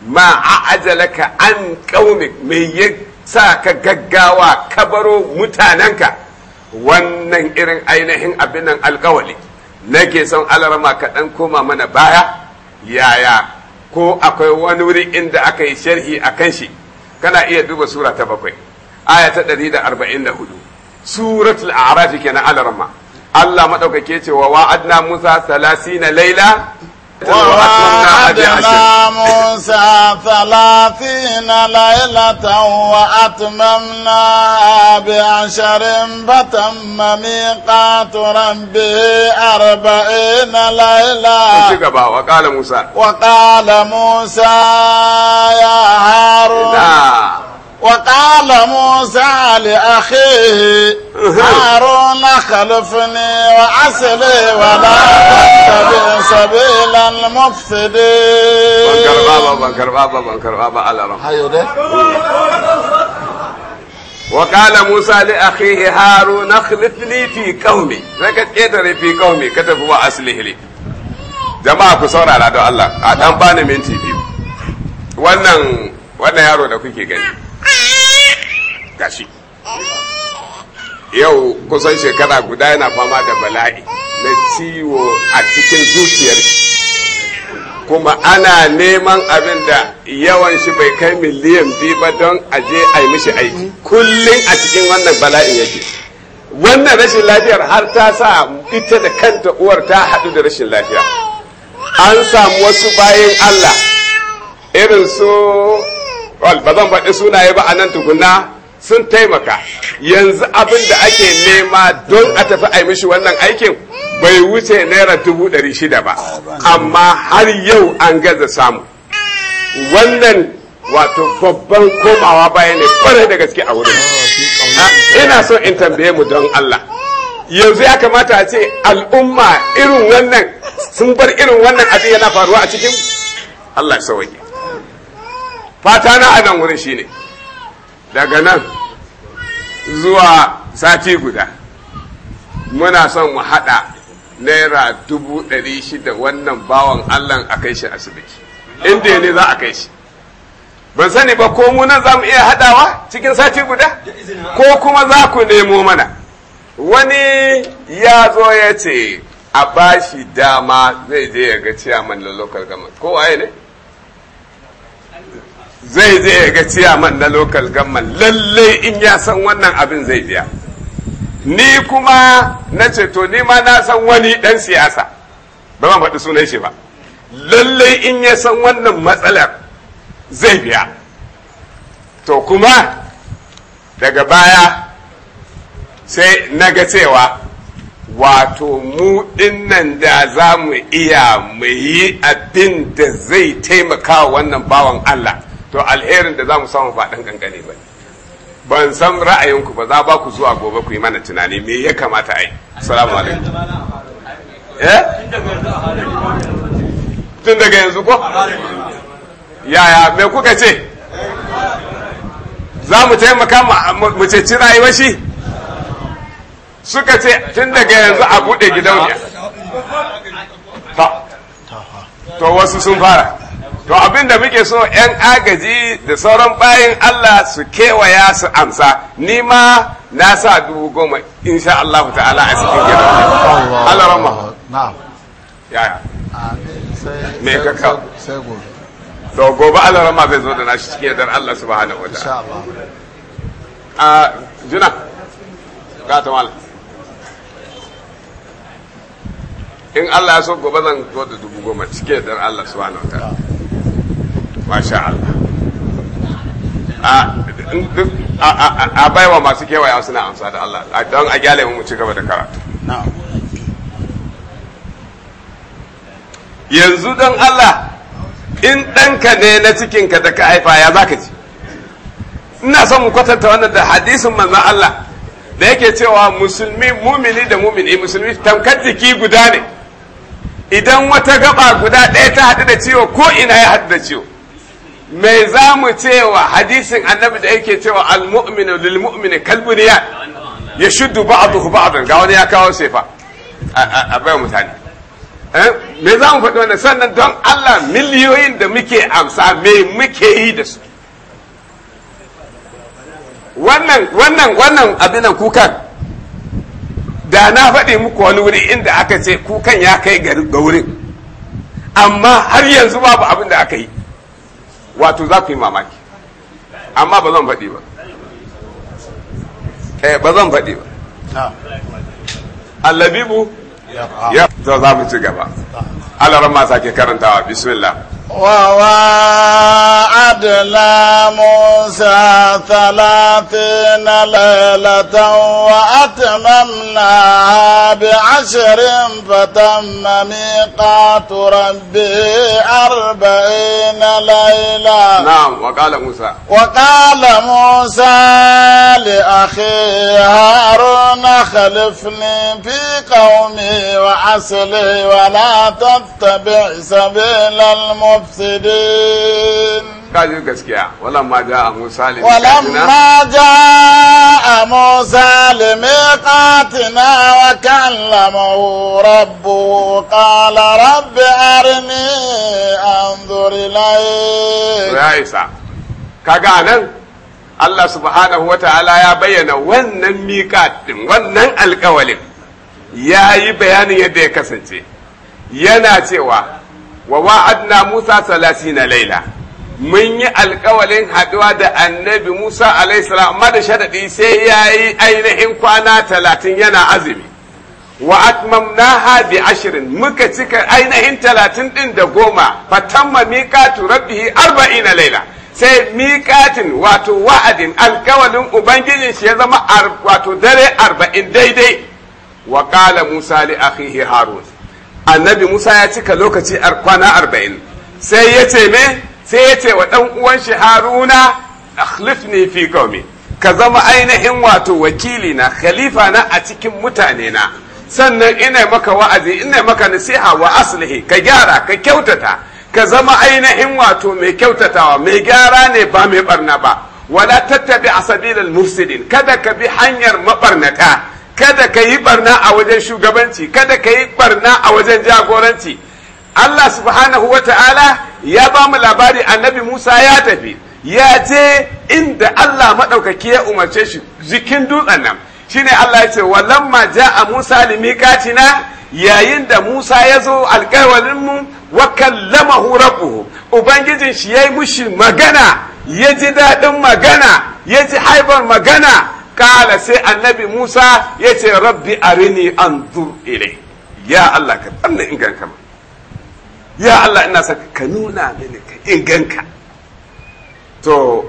ma a ajalaka an ƙaumik mai ya sa ka gaggawa kabaro mutanenka wannan irin ainihin abinan alƙawali nake son alarma kaɗan koma mana baya yaya ko akwai wani wuri inda aka yi sharhi a kan shi kana iya duba sura ta bakwai aya ta ɗari da arba'in da hudu suratul a'rafi kenan alarma Allah maɗaukake cewa wa'adna Musa salasina laila ووعدنا موسى ثلاثين ليلة وأتممناها بعشر فتم ميقات ربه أربعين ليلة وقال موسى وقال موسى يا هارون وقال موسى لأخيه هارون خلفني وعسلي ولا تتبع سبيل المفسدين بنكر بابا بنكر بابا بنكر بابا على وقال موسى لأخيه هارون خلفني في قومي فقد قدر في قومي كتب وأصله لي جماعة ku saurara don Allah a dan bani minti biyu wannan wannan yaro da kuke gani gashi yau kusan shekara guda yana fama da bala'i na ciwo a cikin zuciyar kuma ana neman abin da yawan shi bai kai miliyan biyu ba don aje a yi mishi aiki kullum a cikin wannan bala'in yake wannan rashin lafiyar har ta sa ita da kanta uwar ta haɗu da rashin lafiya an samu wasu bayan allah irin su ba zan faɗi sunaye ba a nan tukuna sun taimaka yanzu abin da ake nema don a tafi a yi mishi wannan aikin bai wuce naira dubu ɗari shida ba amma har yau an gaza samu wannan wato babban komawa baya ne kwarai da gaske a wurin ina so in tambaye mu don Allah yanzu ya kamata a ce al'umma irin wannan sun bar irin wannan abin yana faruwa a cikin Allah sauwaye fata na nan wurin shine ne daga nan zuwa sati guda muna son mu haɗa naira dubu ɗari shida wannan bawan allah a kai shi asibiti inda ne za a kai shi ban sani ba ko munan za mu iya haɗawa cikin sati guda ko kuma za ku nemo mana wani ya zo ya ce a bashi dama zai je ya ga ciyaman na local government ko ne zai je ya ga ciyaman na local gamman lalle in ya san wannan abin zai biya ni kuma na ce to ni ma na san wani dan siyasa ba ma faɗi sunan shi ba lalle in ya san wannan matsalar zai biya to kuma daga baya sai na ga cewa wato mu dinnan da za mu iya mu yi abin da zai taimaka wannan bawan Allah to alherin da za mu samu ba ɗan ƙanƙane ba ban san ra'ayinku ba za ba ku zuwa gobe ku yi mana tunani me ya kamata a yi. salamu alaikum eh? tun daga yanzu ko yaya me kuka ce za mu taimaka mu ceci rayuwar shi suka ce tun daga yanzu a buɗe gidauniya to wasu sun fara to abin da muke so 'yan agaji da sauran bayin Allah su kewaya su amsa ni ma na sa dubu goma insha Allah ta'ala a cikin gida Allah rama ya me ka kawo to gobe Allah rama zai zo da nashi cikin yadda Allah subhanahu wa wata a juna ga ta mala in Allah ya so gobe zan zo da dubu goma cikin yadda Allah subhanahu wa wata. masha Allah ah, a baiwa masu kewaya suna amsa da Allah don a gyale mu ci gaba da karatu yanzu don Allah in ɗanka ne na cikinka da ka haifa ya zaka ji ina son mu kwatanta wannan da hadisin manzan Allah da yake cewa musulmi mumini da mumini musulmi tamkar jiki guda ne idan wata gaba guda ɗaya ta haɗu da ciwo ko ina ya haɗu da ciwo me za mu ce wa hadisin annabi da yake cewa al-mu'minu lil-mu'mini kalbuniya ya shuddu ba'dahu ba'dan ga wani ya kawo sefa a bai mutane eh? me za mu faɗi wannan sannan don Allah miliyoyin da muke amsa me muke yi da su wannan wannan wannan abinan kukan da na faɗi muku wani wuri inda aka ce kukan ya kai ga wurin amma har yanzu babu abin da aka yi wato za ku yi mamaki amma ba zan faɗi ba eh ba zan faɗi ba allabibu ya ah. za mu ci gaba ah. alarama sake karantawa bismillah وواعدنا موسى ثلاثين ليلة وأتممناها بعشر فتم ميقات ربي أربعين ليلة نعم وقال موسى وقال موسى لأخي هارون خلفني في قومي وعسلي ولا تتبع سبيل المفسدين mufsidin kaji gaskiya walan ma ja a musa limi walan ma ja a musa katina wa kallamahu rabbu qala rabbi arni anzur ilayk ya isa kaga nan Allah subhanahu wa ta'ala ya bayyana wannan miƙatin wannan alƙawalin ya yi bayanin yadda ya kasance yana cewa wa wa'adna Musa salasina laila mun yi alkawalin haɗuwa da annabi Musa alaihissalam amma da sai ya yi ainihin kwana talatin yana azumi wa atmamnaha bi ashirin muka cika ainihin talatin ɗin da goma fatamma miƙatu rabbihi arba'ina laila sai miƙatin wato wa'adin alkawalin ubangijin shi ya zama wato dare arba'in daidai wa ƙala Musa li akhihi Harun annabi musa ya cika lokaci kwana arba'in sai ya ce me sai ya ce wa ɗan uwan shi haruna akhlifni fi qaumi ka zama ainihin wato wakili na khalifa na a cikin mutane na sannan ina maka wa'azi ina maka nasiha wa aslihi ka gyara ka kyautata ka zama ainihin wato mai kyautatawa mai gyara ne ba mai barna ba wala tattabi a sabilal mufsidin kada ka bi hanyar mabarnata kada ka yi barna a wajen shugabanci kada ka yi barna a wajen jagoranci Allah subhanahu wa ta'ala ya ba mu labari annabi Musa ya tafi ya je inda Allah maɗaukaki ya umarce shi jikin dutsen nan shine Allah ya ce walamma ja'a Musa limiqatina yayin da Musa ya zo alƙawarin mu wa kallamahu rabbuhu ubangijin shi yayi mushi magana ya ji daɗin magana ya ji haibar magana kala sai annabi musa ya ce rabbi arini an zur ya allah ka tsanna in ganka ma ya allah ina saka ka nuna mini ka in ganka to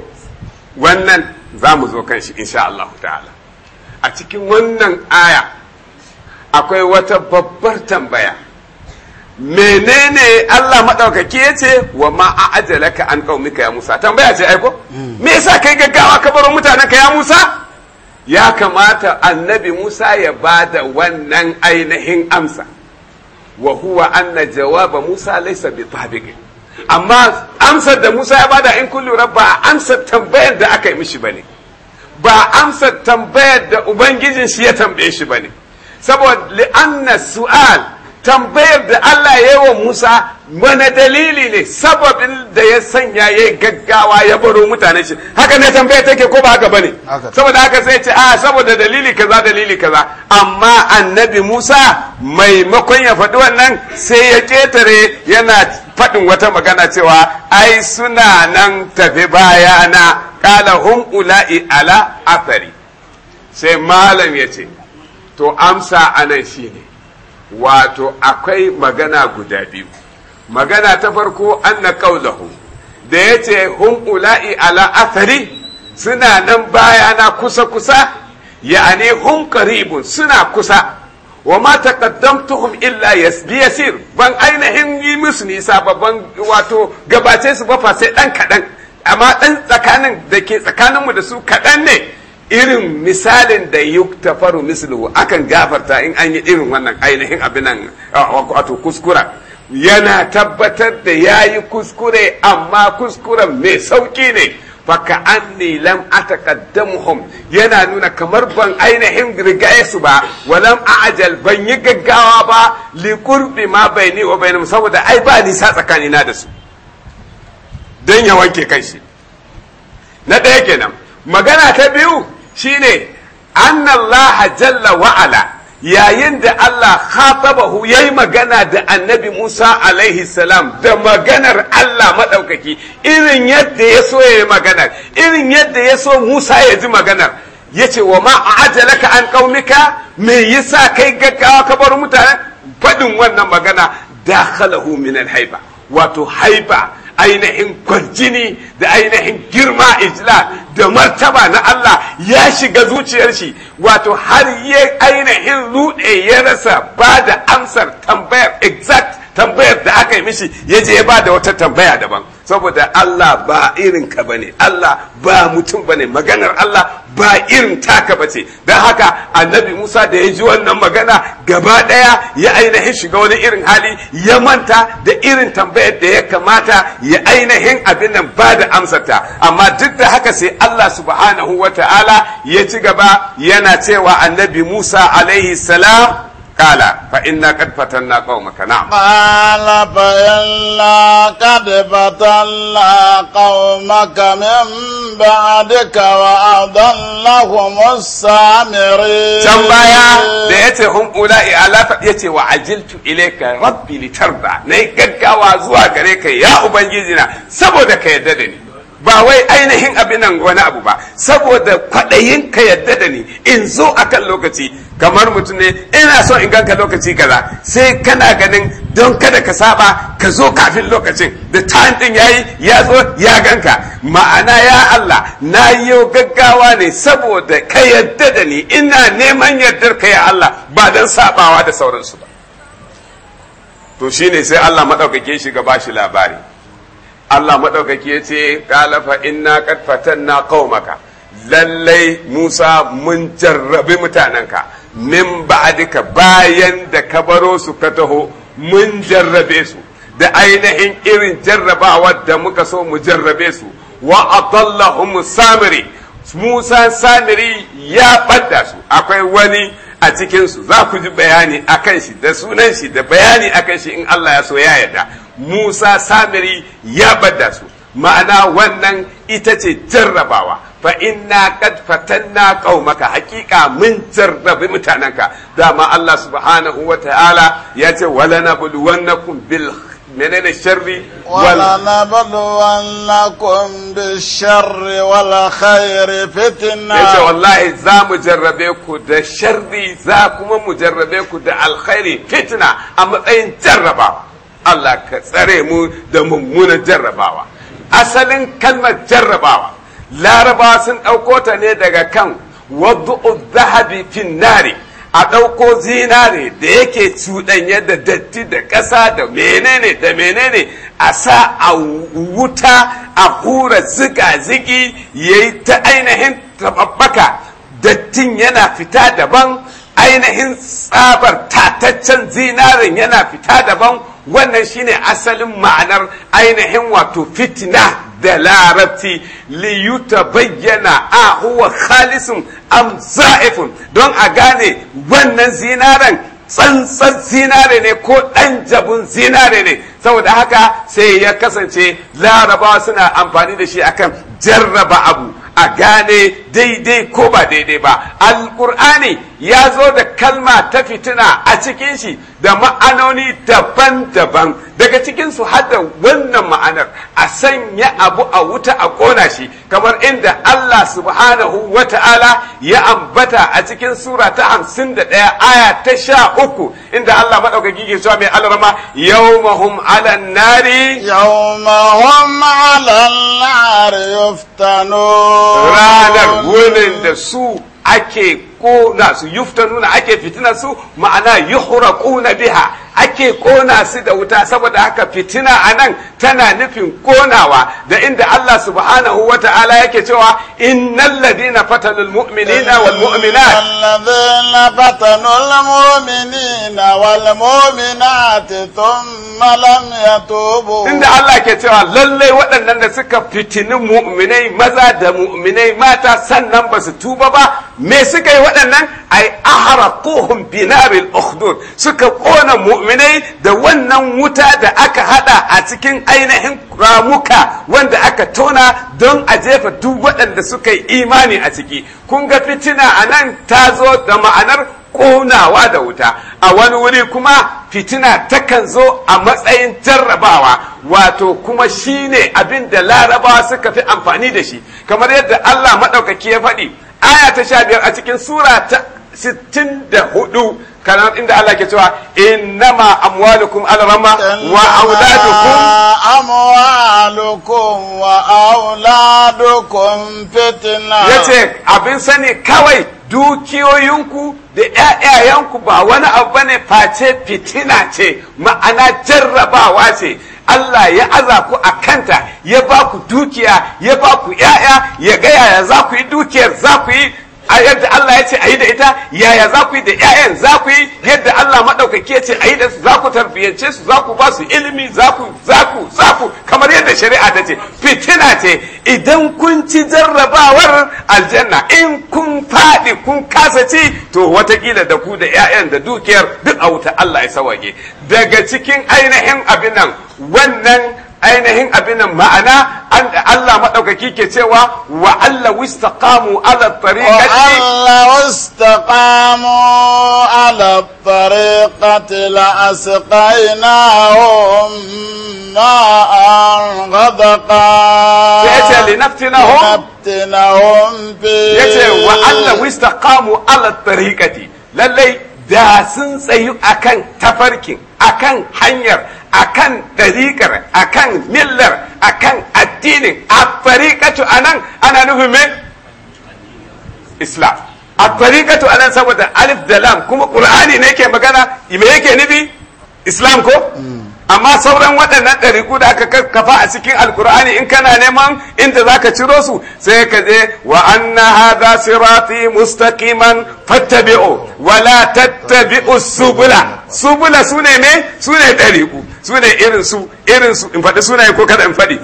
wannan za mu zo kan shi insha allah ta'ala a cikin wannan aya akwai wata babbar tambaya menene Allah maɗaukaki ya ce wa ma a ajalaka an ƙaumika ya Musa tambaya ce aiko hmm. me yasa kai gaggawa ka baro mutanen ka ya Musa ya kamata annabi Musa ya ba da wannan ainihin amsa wa huwa anna jawaba Musa laysa bi amma amsar da Musa ya bada in kun lura ba amsar tambayar da aka yi mishi bane ba amsar tambayar da ubangijin shi ya tambaye shi bane saboda li'anna su'al tambayar da Allah ya yi wa Musa wani dalili ne sababin da ya sanya ya gaggawa ya baro mutane shi haka ne tambaya take ko ba haka bane saboda haka sai ce a ah, saboda dalili kaza dalili kaza amma annabi Musa maimakon ya faɗi wannan sai ya ketare yana faɗin wata magana cewa ai suna nan tafi bayana kala hum ula'i ala athari sai malam ya ce to amsa anan shine wato akwai magana guda biyu magana ta farko na kaulahu da yace hun ula'i ala athari suna nan bayana kusa kusa ne hun karibun suna kusa wa ma tuhum illa yasir ban ainihin yi musu nisa babban wato gabace su ba fa sai dan kadan amma dan tsakanin da ke tsakaninmu da su kadan ne irin misalin da yukta faru misilu akan gafarta in an yi irin wannan ainihin abinan wato kuskura yana tabbatar da ya yi kuskure amma kuskuren mai sauki ne faka an lam a yana nuna kamar ban ainihin rigaye su ba walam ajal ban yi gaggawa ba li qurbi ma ni wa bainahum saboda ai ba nisa na da su dan ya wanke kanshi na ɗaya kenan magana ta biyu shine annallaha jalla wa'ala yayin da Allah khatabahu yayi magana da annabi Musa alaihi salam da maganar Allah maɗaukaki irin yadda ya so ya yi maganar irin yadda ya so Musa ya ji maganar ya ce wa ma'ajalaka an ƙaunika me yasa kai gaggawa ka bar mutane faɗin wannan magana dakhalahu min haiba wato haiba ainihin kwarjini da ainihin girma ijla da martaba na Allah ya shiga zuciyar shi wato har ya ainihin rude ya rasa ba da amsar tambayar exact tambayar da aka yi mishi ya je ba da wata tambaya daban saboda Allah ba irin ka bane Allah ba mutum bane maganar Allah ba irin taka bace don haka annabi musa da ya ji wannan magana gaba daya ya ainihin shiga wani irin hali ya manta da irin tambayar da ya kamata ya ainihin abin nan ba da amsarta amma duk da haka sai allah subhanahu wa ta'ala ya ci gaba yana cewa annabi musa alaihi salam قال فإنا قد فتنا قومك نعم قال فإنا قد فتنا قومك من بعدك وأضلهم السامرين جنبايا ديتي هم أولئي على فأيتي وعجلت إليك ربي لترضى نيكك وزواك لك يا أبنجيزنا سبودك يددني ba wai ainihin abin wani abu ba saboda kwaɗayin ka yadda da ni in zo akan lokaci kamar mutum ne ina so in ganka lokaci kaza sai kana ganin don kada ka saba ka zo kafin lokacin da time din yayi ya zo ya ganka ma'ana ya Allah na yi gaggawa ne saboda ka yadda da ni ina neman yardar ka ya Allah ba don sabawa da sauransu ba to shine sai Allah maɗaukake shi gaba shi labari Allah maɗaukaki ya ce ƙalafa inna qad fatanna qaumaka lallai Musa mun jarrabi mutanenka min ba'dika bayan da ka baro su ka taho mun jarrabe su da ainihin irin jarrabawa da muka so mu jarrabe su wa adallahum samiri Musa samiri ya ɓadda su akwai wani a cikinsu za ku ji bayani a kan shi da sunan shi da bayani a kan shi in Allah ya so ya yarda Musa Samiri ya bada su ma'ana wannan ita ce jarrabawa fa inna qad fatanna qaumaka haqiqa mun jarrabi mutananka dama Allah subhanahu wa ta'ala ya ce wala nabluwannakum bil menene sharri wal nabluwannakum bisharri wala khairi fitina yace wallahi za mu jarrabe ku da sharri za kuma mu jarrabe ku da alkhairi fitina a matsayin jarraba Allah ka tsare mu da mummunan jarrabawa asalin kalmar jarrabawa larabawa sun ɗauko ta ne daga kan waddu'u zahabi fin nari a ɗauko zinare da yake cuɗanya da datti da ƙasa da menene da menene a sa a wuta a hura ziga-zigi ya yi ta ainihin tababbaka dattin yana fita daban ainihin tsabar tataccen zinarin yana fita daban wannan shine asalin ma'anar ainihin wato fitina da larabci li bayyana a huwa khalisun am za'ifun don a gane wannan zinaren tsantsan zinare ne ko ɗan jabun zinare ne saboda haka sai ya kasance larabawa suna amfani da shi akan jarraba abu a gane daidai ko ba daidai ba Alƙur'ani ya zo da kalma ta fitina a cikin shi da ma'anoni daban-daban daga cikinsu hada wannan ma'anar a sanya abu a wuta a kona shi kamar inda Allah subhanahu wa ta'ala ya ambata a cikin sura ta hamsin da ɗaya aya ta sha uku inda Allah maɗaukaki ke cewa mai alarma yawmahum ala nari yawmahum ala nari yuftanu ranar wurin da su ake kona su yuftanuna ake fitina su ma'ana yuhraquna biha ake kona su da wuta saboda haka fitina a nan tana nufin konawa da inda Allah subhanahu wa ta'ala yake cewa innal ladina fatanul mu'minina wal mu'minat alladhina fatanul mu'minina wal mu'minat thumma lam yatubu inda Allah ke cewa lalle waɗannan da suka fitini mu'minai maza da mu'minai mata sannan ba su tuba ba me suka yi waɗannan ai ahraquhum binaril ukhdud suka kona mu'minai mu'minai da wannan wuta da aka hada a cikin ainihin ramuka wanda aka tona don a jefa duk waɗanda suka yi imani a ciki kun ga fitina a nan ta zo da ma'anar ƙunawa da wuta a wani wuri kuma fitina takan zo a matsayin jarrabawa wato kuma shine abin da larabawa suka fi amfani da shi kamar yadda Allah maɗaukaki ya faɗi aya ta sha biyar a cikin sura ta sittin kana inda Allah ke cewa innama amwalukum alrama wa auladukum amwalukum wa auladukum fitna yace abin sani kawai dukiyoyinku da ƴaƴayanku ba wani abu bane face fitina ce ma'ana jarrabawa ce Allah ya aza ku a kanta ya ba ku dukiya ya ba ku ƴaƴa ya ga yaya za ku yi dukiyar za ku yi yadda Allah ya ce a yi da ita yaya za ku yi da 'ya'yan za ku yi yadda Allah maɗaukaki ya ce a yi da su za ku tarbiyyance su za ku ba su ilimi za ku za ku za ku kamar yadda shari'a ta ce fitina ce idan kun ci jarrabawar aljanna in kun faɗi kun kasa ci to watakila da ku da 'ya'yan da dukiyar duk a wuta Allah ya sawage daga cikin ainihin abin nan wannan ainihin abin ma'ana an Allah maɗaukaki ke cewa wa Allah wistaqamu ala tariqati wa Allah wistaqamu ala tariqati la asqainahum ma'an ghadaqa yace linaftinahum linaftinahum yace wa Allah wistaqamu ala tariqati lallai da sun tsayu akan tafarkin akan hanyar akan ɗariƙar akan millar akan addinin a tariƙatu a nan ana nufin mai islam a tariƙatu a nan saboda alif da lam kuma ƙur'ani ne ke magana me yake nufi islam ko mm. amma sauran waɗannan ɗari da aka kafa a cikin alkur'ani in kana neman inda za ka ciro su sai ka je wa anna hadha sirati mustaqiman fattabi'u wa la tattabi'u subula subula sune me sune su sune irin su irin su in faɗi sunaye ko kada in faɗi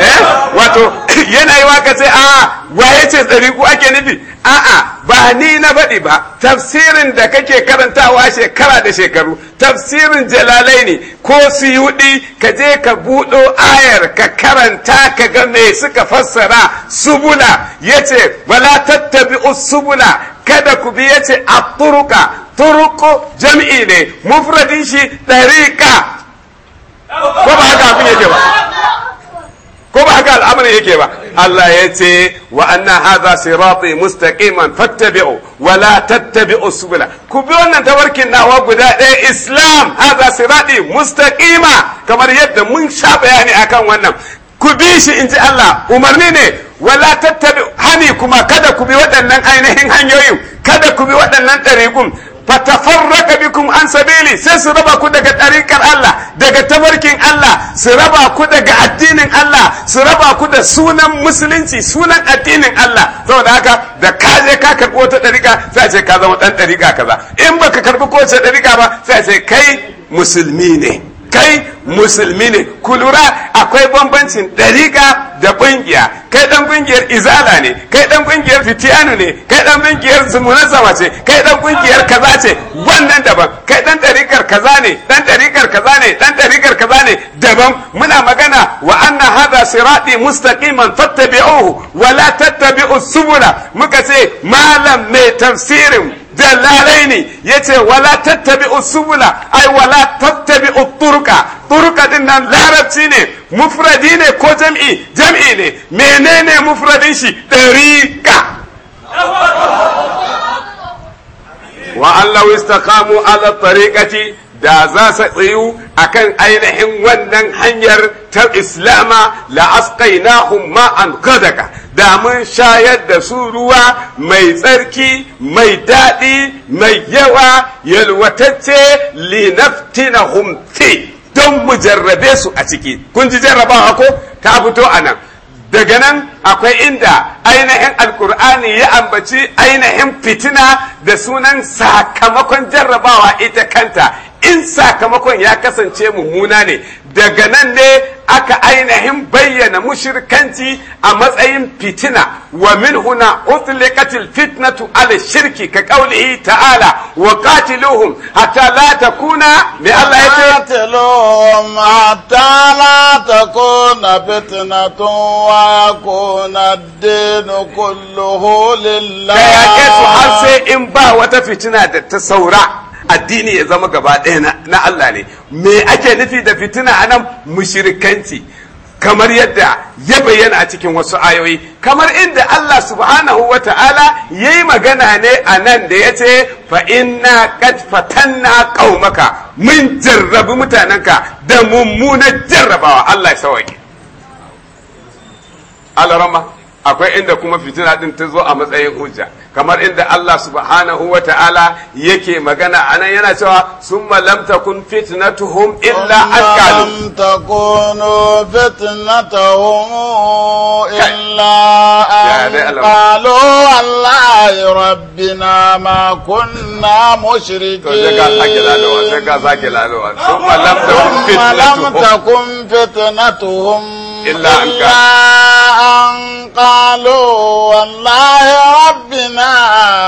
eh wato yana yi waka sai a waye ce ku ake nufi a'a ba ni na baɗi ba tafsirin da kake karantawa shekara da shekaru tafsirin jalalai ne ko siyudi ka je ka buɗo ayar ka karanta ka ga me suka fassara subula yace wala tattabi subula kada ku bi ya ce a turuka turuku jam'i ne mufradin shi ɗariƙa ko ba haka abin yake ba Allah ya ce wa anna hadha sirati mustaqiman fattabi'u wa la tattabi'u subula ku bi wannan tabarkin nawa guda ɗaya Islam hadha sirati mustaqima kamar yadda mun sha bayani akan wannan ku bi shi in ji Allah umarni ne la tattabi hani kuma kada ku bi waɗannan ainihin hanyoyin kada ku bi waɗannan ɗariƙun fatafarraka bikum an sabili sai su raba ku daga ɗariƙar Allah daga tabarkin Allah su raba ku daga addinin Allah su raba ku da sunan musulunci sunan addinin Allah saboda haka da ka je ka karbi wata ɗariƙa sai a ce ka zama ɗan ɗariƙa kaza in baka karɓi kowace ɗariƙa ba sai a ce kai musulmi ne kai musulmi ne kulura akwai bambancin ɗariƙa da ƙungiya kai ɗan ƙungiyar izala ne kai ɗan ƙungiyar fitiyanu ne kai ɗan ƙungiyar zama ce kai ɗan ƙungiyar kaza ce wannan daban kai ɗan ɗariƙar kaza ne ɗan ɗariƙar kaza ne ɗan ɗariƙar kaza ne daban muna magana wa anna hada sirati mustaqiman fattabi'uhu wala la tattabi'us subula muka ce malam mai tafsirin dallalai ne ya ce wala tattabi usubula ai wala tattabi turka turka din nan larabci ne mufradi ne ko jam'i jam'i ne menene mufradin shi tariqa wa Allah istaqamu ala tariqati da za su tsayu kan ainihin wannan hanyar ta islama la'asqainahum ma'an ghadaka da mun shayar da su ruwa mai tsarki mai daɗi mai yawa yalwatacce linaftinahum humti don mu jarrabe su a ciki kun ji jarrabawa ko ta fito a nan daga nan akwai inda ainihin alkur'ani ya ambaci ainihin fitina da sunan sakamakon jarrabawa ita kanta in sakamakon ya kasance mummuna ne daga nan ne aka ainihin bayyana mushirkanci a matsayin fitina wa min huna utlikatil fitnatu ala shirki ka qaulihi ta'ala wa qatiluhum hatta la takuna bi Allah ya qatiluhum hatta la takuna fitnatun wa yakuna ad-din kulluhu lillah kai har sai in ba wata fitina da ta saura addini ya zama gaba ɗaya na Allah ne me ake nufi da fitina anan mushrikanci kamar yadda ya bayyana a cikin wasu ayoyi kamar inda Allah subhanahu wa ta'ala ya yi magana ne a nan da ya ce fa fa'ina na ƙaumaka mun jarrabi mutanenka da mummunan jarrabawa Allah ya Allah alarama akwai inda kuma fitina din ta zo a matsayin hujja kamar inda Allah subhanahu wa ta'ala yake magana a nan yana cewa sun lam takun fitnatuhum illa an qalu lam takunu fitnatuhum illa an allah ya rabbi ma kunna mushrikin to sai ka sake lalawa sai ka sake lalawa sun lam takun fitnatuhum illa an ya rabbi rabbina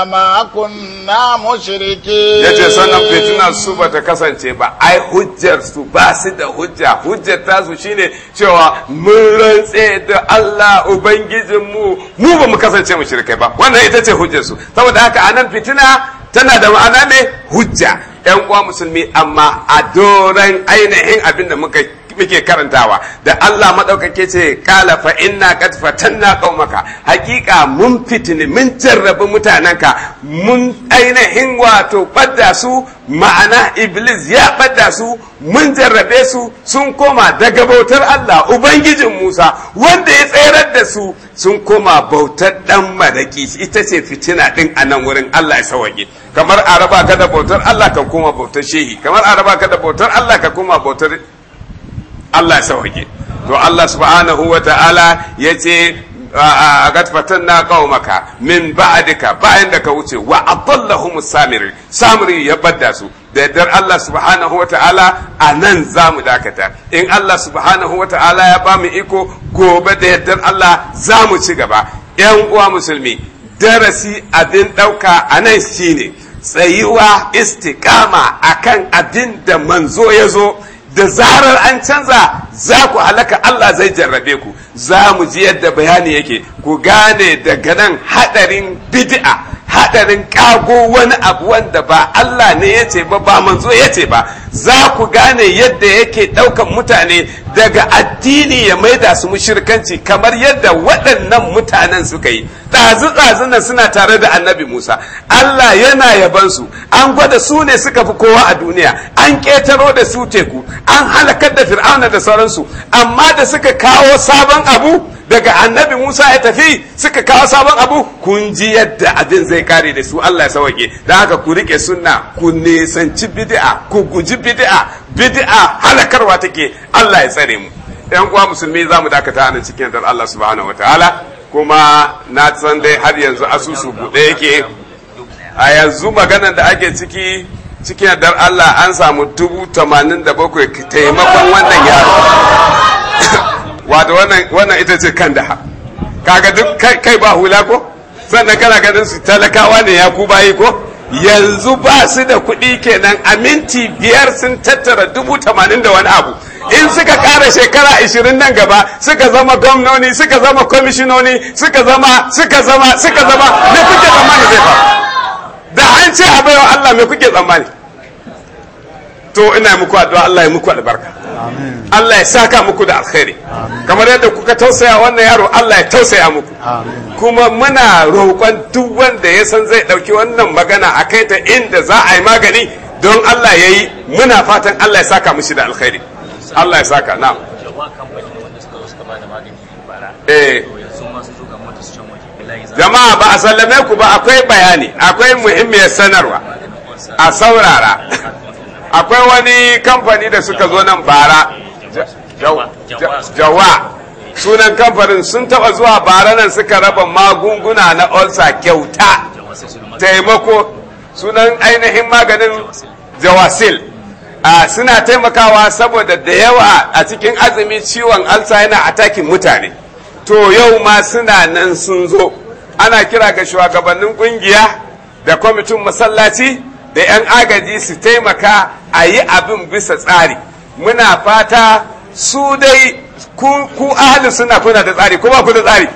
ma kunna mushriki yace sannan fitina su ba ta kasance ba ai hujjar su ba su da hujja hujjar ta su shine cewa mun rantse da Allah ubangijin mu mu ba mu kasance mushrikai ba wannan ita ce hujjar su saboda haka anan fitina tana da ma'ana ne hujja yan uwa musulmi amma a doran ainihin abinda muka muke karantawa da Allah madaukake ce kala fa inna qad fatanna qaumaka hakika mun fitini mun jarrabi mutananka mun ainihin wato badda su ma'ana iblis ya badda su mun jarrabe su sun koma daga bautar Allah ubangijin Musa wanda ya tsayar da su sun koma bautar dan madaki ita ce fitina din a nan wurin Allah ya sawage kamar araba kada bautar Allah ka koma bautar shehi kamar araba kada bautar Allah ka koma bautar Allah ya sauke to Allah subhanahu wa ta'ala ya ce a gatfatan na maka min ba'adika bayan da ka wuce wa adallahum samiri samiri ya badda su da yardar Allah subhanahu wa ta'ala a nan za mu dakata in Allah subhanahu wa ta'ala ya ba mu iko gobe da yardar Allah za mu ci gaba yan uwa musulmi darasi abin ɗauka a nan shine tsayuwa istikama akan abin da manzo ya zo da zarar an canza za ku halaka Allah zai jarrabe ku za mu ji yadda bayani yake ku gane daga nan hadarin bid'a hadarin kago wani abu wanda ba Allah ne ya ce ba ba manzo ya ce ba za ku gane yadda yake daukan mutane daga addini ya maida su mushirkanci kamar yadda waɗannan mutanen suka yi ɗazu-ɗazun nan suna tare da annabi Musa Allah yana yabansu an gwada su ne suka fi kowa a duniya an ƙetaro da su teku an halakar da fir'auna da sauransu amma da suka kawo sabon abu daga annabi Musa ya tafi suka kawo sabon abu kun ji yadda abin zai kare da su Allah ya sauke da haka ku rike sunna ku nisanci bid'a ku guji bid'a bid'a halakarwa take Allah ya tsare mu yan uwa musulmi za mu dakata nan cikin dar Allah subhanahu wataala kuma na san dai har yanzu asusu buɗe yake a yanzu maganar da ake ciki cikin dar Allah an samu dubu tamanin da bakwai taimakon wannan yaro wato wannan ita ce kan da kaga duk kai ba hula ko sannan kana ganin su talakawa ne ya ku bayi ko yanzu ba su da kuɗi kenan a minti biyar sun tattara dubu tamanin da wani abu in suka ƙara shekara ishirin nan gaba suka zama gwamnoni suka zama kwamishinoni suka zama suka zama suka zama me kuke tsammani zai ba da an ce a baiwa Allah me kuke tsammani to ina muku addu'a Allah ya muku albarka Allah ya saka muku da alkhairi kamar yadda kuka tausaya wannan yaro Allah ya tausaya muku kuma muna roƙon duk wanda ya san zai ɗauki wannan magana a kai ta inda za a yi magani don Allah ya yi muna fatan Allah ya saka mushi da alkhairi Allah ya saka na eh. jama'a ba a sallame ku ba akwai bayani akwai muhimmiyar sanarwa a saurara akwai wani kamfani da suka zo nan bara jawa sunan kamfanin sun taba zuwa bara nan suka raba magunguna na olsa kyauta taimako sunan ainihin maganin jawasil suna taimakawa saboda da yawa a cikin azumi ciwon alsa yana atakin mutane to yau ma suna nan sun zo ana kira ga shugabannin kungiya da kwamitin masallaci da 'yan agaji su taimaka a yi abin bisa tsari muna fata su dai ku ahalin suna kuna da tsari kuma kuna tsari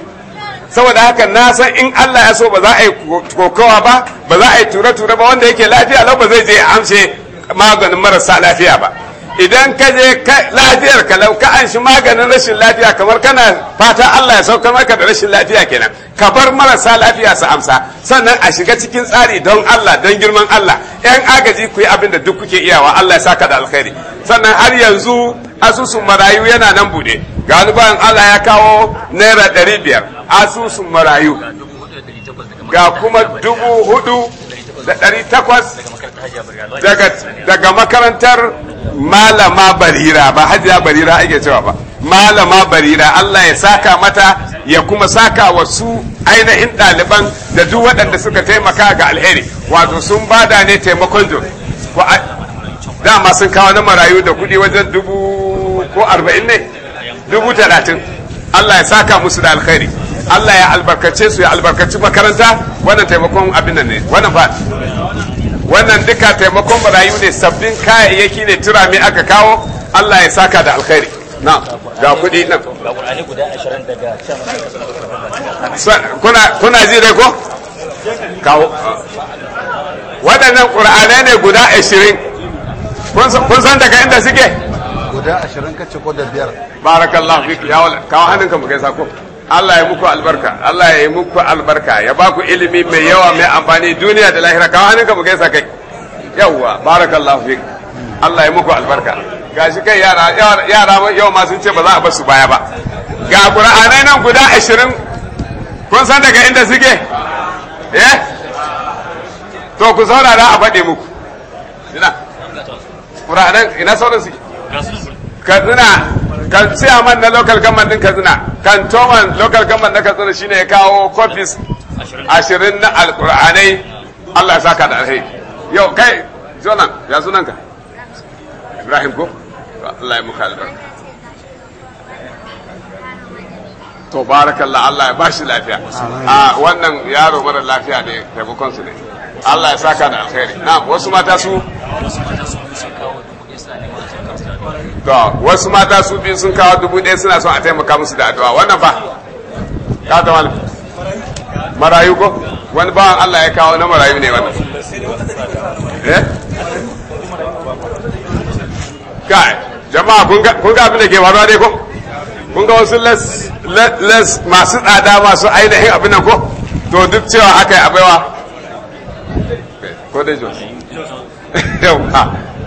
saboda haka na san in Allah ya so ba za a yi kokawa ba ba za a yi ture-ture ba wanda yake lafiya lau ba zai je amshe maganin marasa lafiya ba idan ka je lafiyar ka lau ka an shi maganin rashin lafiya kamar kana fata Allah ya saukar maka da rashin lafiya kenan ka bar marasa lafiya su amsa sannan a shiga cikin tsari don Allah don girman Allah yan agaji ku yi abin da duk kuke iyawa Allah ya saka da alkhairi sannan har yanzu asusun marayu yana nan bude ga Allah ya kawo naira ɗari biyar asusun marayu ga kuma dubu hudu da ɗari takwas daga makarantar malama barira ba hajiya barira ake cewa ba malama barira Allah ya saka mata ya kuma saka wa su ainihin ɗaliban da duk waɗanda suka taimaka ga alheri wato sun bada ne taimakon jo dama sun kawo na marayu da kuɗi wajen dubu ko arba'in ne dubu talatin Allah ya saka musu da alheri Allah ya albarkace su ya albarkaci makaranta wannan taimakon abin nan ne wannan fa wannan duka taimakon marayu ne sabbin kayayyaki ne turami aka kawo Allah ya saka da alkhairi na ga kudi nan kuna ji dai ko kawo waɗannan ƙur'anai ne guda ashirin kun san daga inda suke guda ashirin kacce ko da biyar barakallahu fiki ya wala kawo hannunka mu gaisa ko Allah ya muku albarka Allah ya yi muku albarka ya ba ku ilimi mai yawa mai amfani duniya da lahira kawo hannunka ka gaisa kai yawwa barakallahu fik Allah ya muku albarka gashi kai yara yara yau ma sun ce ba za a bar su baya ba ga qur'anai nan guda 20 kun san daga inda suke eh to ku saurara a faɗe muku ina qur'anan ina sauran suke katsina kan chairman na local government din Katsina kan toman local government na Katsina shine ya kawo copies 20 na alqur'anai Allah ya saka da alheri yau kai zonan ya sunan ka Ibrahim ko Allah ya muka albarka to barakallah Allah ya bashi lafiya a ah, wannan yaro mara lafiya ne taimakon su ne Allah ya saka da alheri na wasu mata su to wasu mata su biyu sun kawo dubu ɗaya suna son a taimaka musu da addu'a wannan fa ka ta wani marayu ko wani bawan Allah ya kawo na marayu ne wannan eh? kai jama'a kun ga abin da ke faruwa dai ko kun ga wasu les masu tsada masu ainihin abin nan ko to duk cewa aka yi abaiwa ko dai jos yau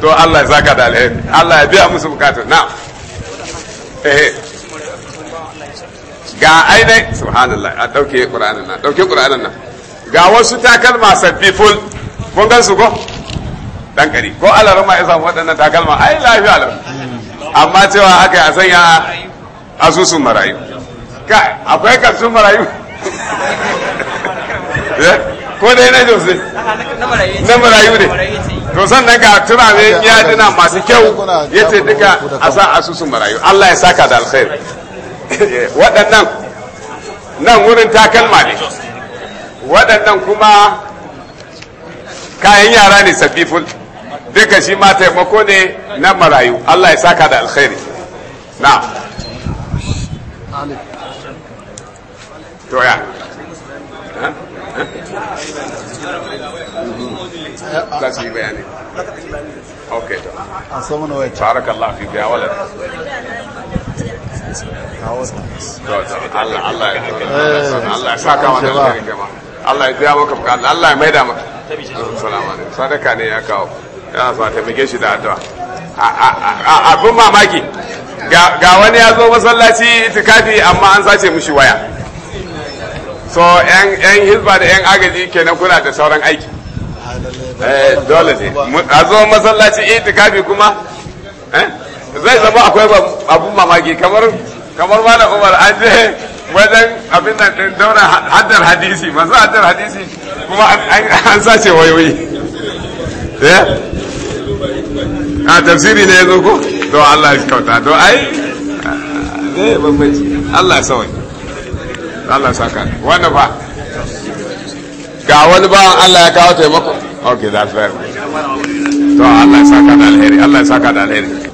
to Allah ya zaka da alheri Allah ya biya musu bukatu na eh ga ainihin subhanallah a dauke qur'anin nan dauke qur'anin nan ga wasu takalma sabbi ful kun gan su ko dan kari ko Allah rama ya samu waɗannan takalma ai lafiya lau amma cewa aka a sanya asusun marayu ka akwai kasusun marayu eh? ko dai na jose na marayu ne to sannan ga turare dina masu kyau ya ce duka a sa asusun marayu Allah ya saka da alkhair waɗannan nan wurin takalma ne waɗannan kuma kayan yara ne sabbi duka shi ma taimako ne na marayu Allah ya saka da alkhair na to ya za su yi bayani ok to a saman waya tarak Allah biya wala Allah ya saka wanda alheri Allah ya maida maka sadaka ne ya kawo yana sa taimake shi da addu'a abin mamaki ga wani ya zo masallaci itikafi amma an sace mishi waya so yan hizba da yan agaji kenan kuna da sauran aiki Eh, dole ne a zo masallaci itikafi kuma eh? zai zama akwai abun mamaki kamar kamar mana umar an je wajen abin da ɗin daura haddar hadisi masu haddar hadisi kuma an sace wayoyi eh? a tafsiri ne ya zo ko to allah ya kauta to ai ne bambanci allah sawai allah saka wannan ba ga wani ba Allah ya kawo taimako okay that's right to Allah ya saka da alheri Allah ya saka da alheri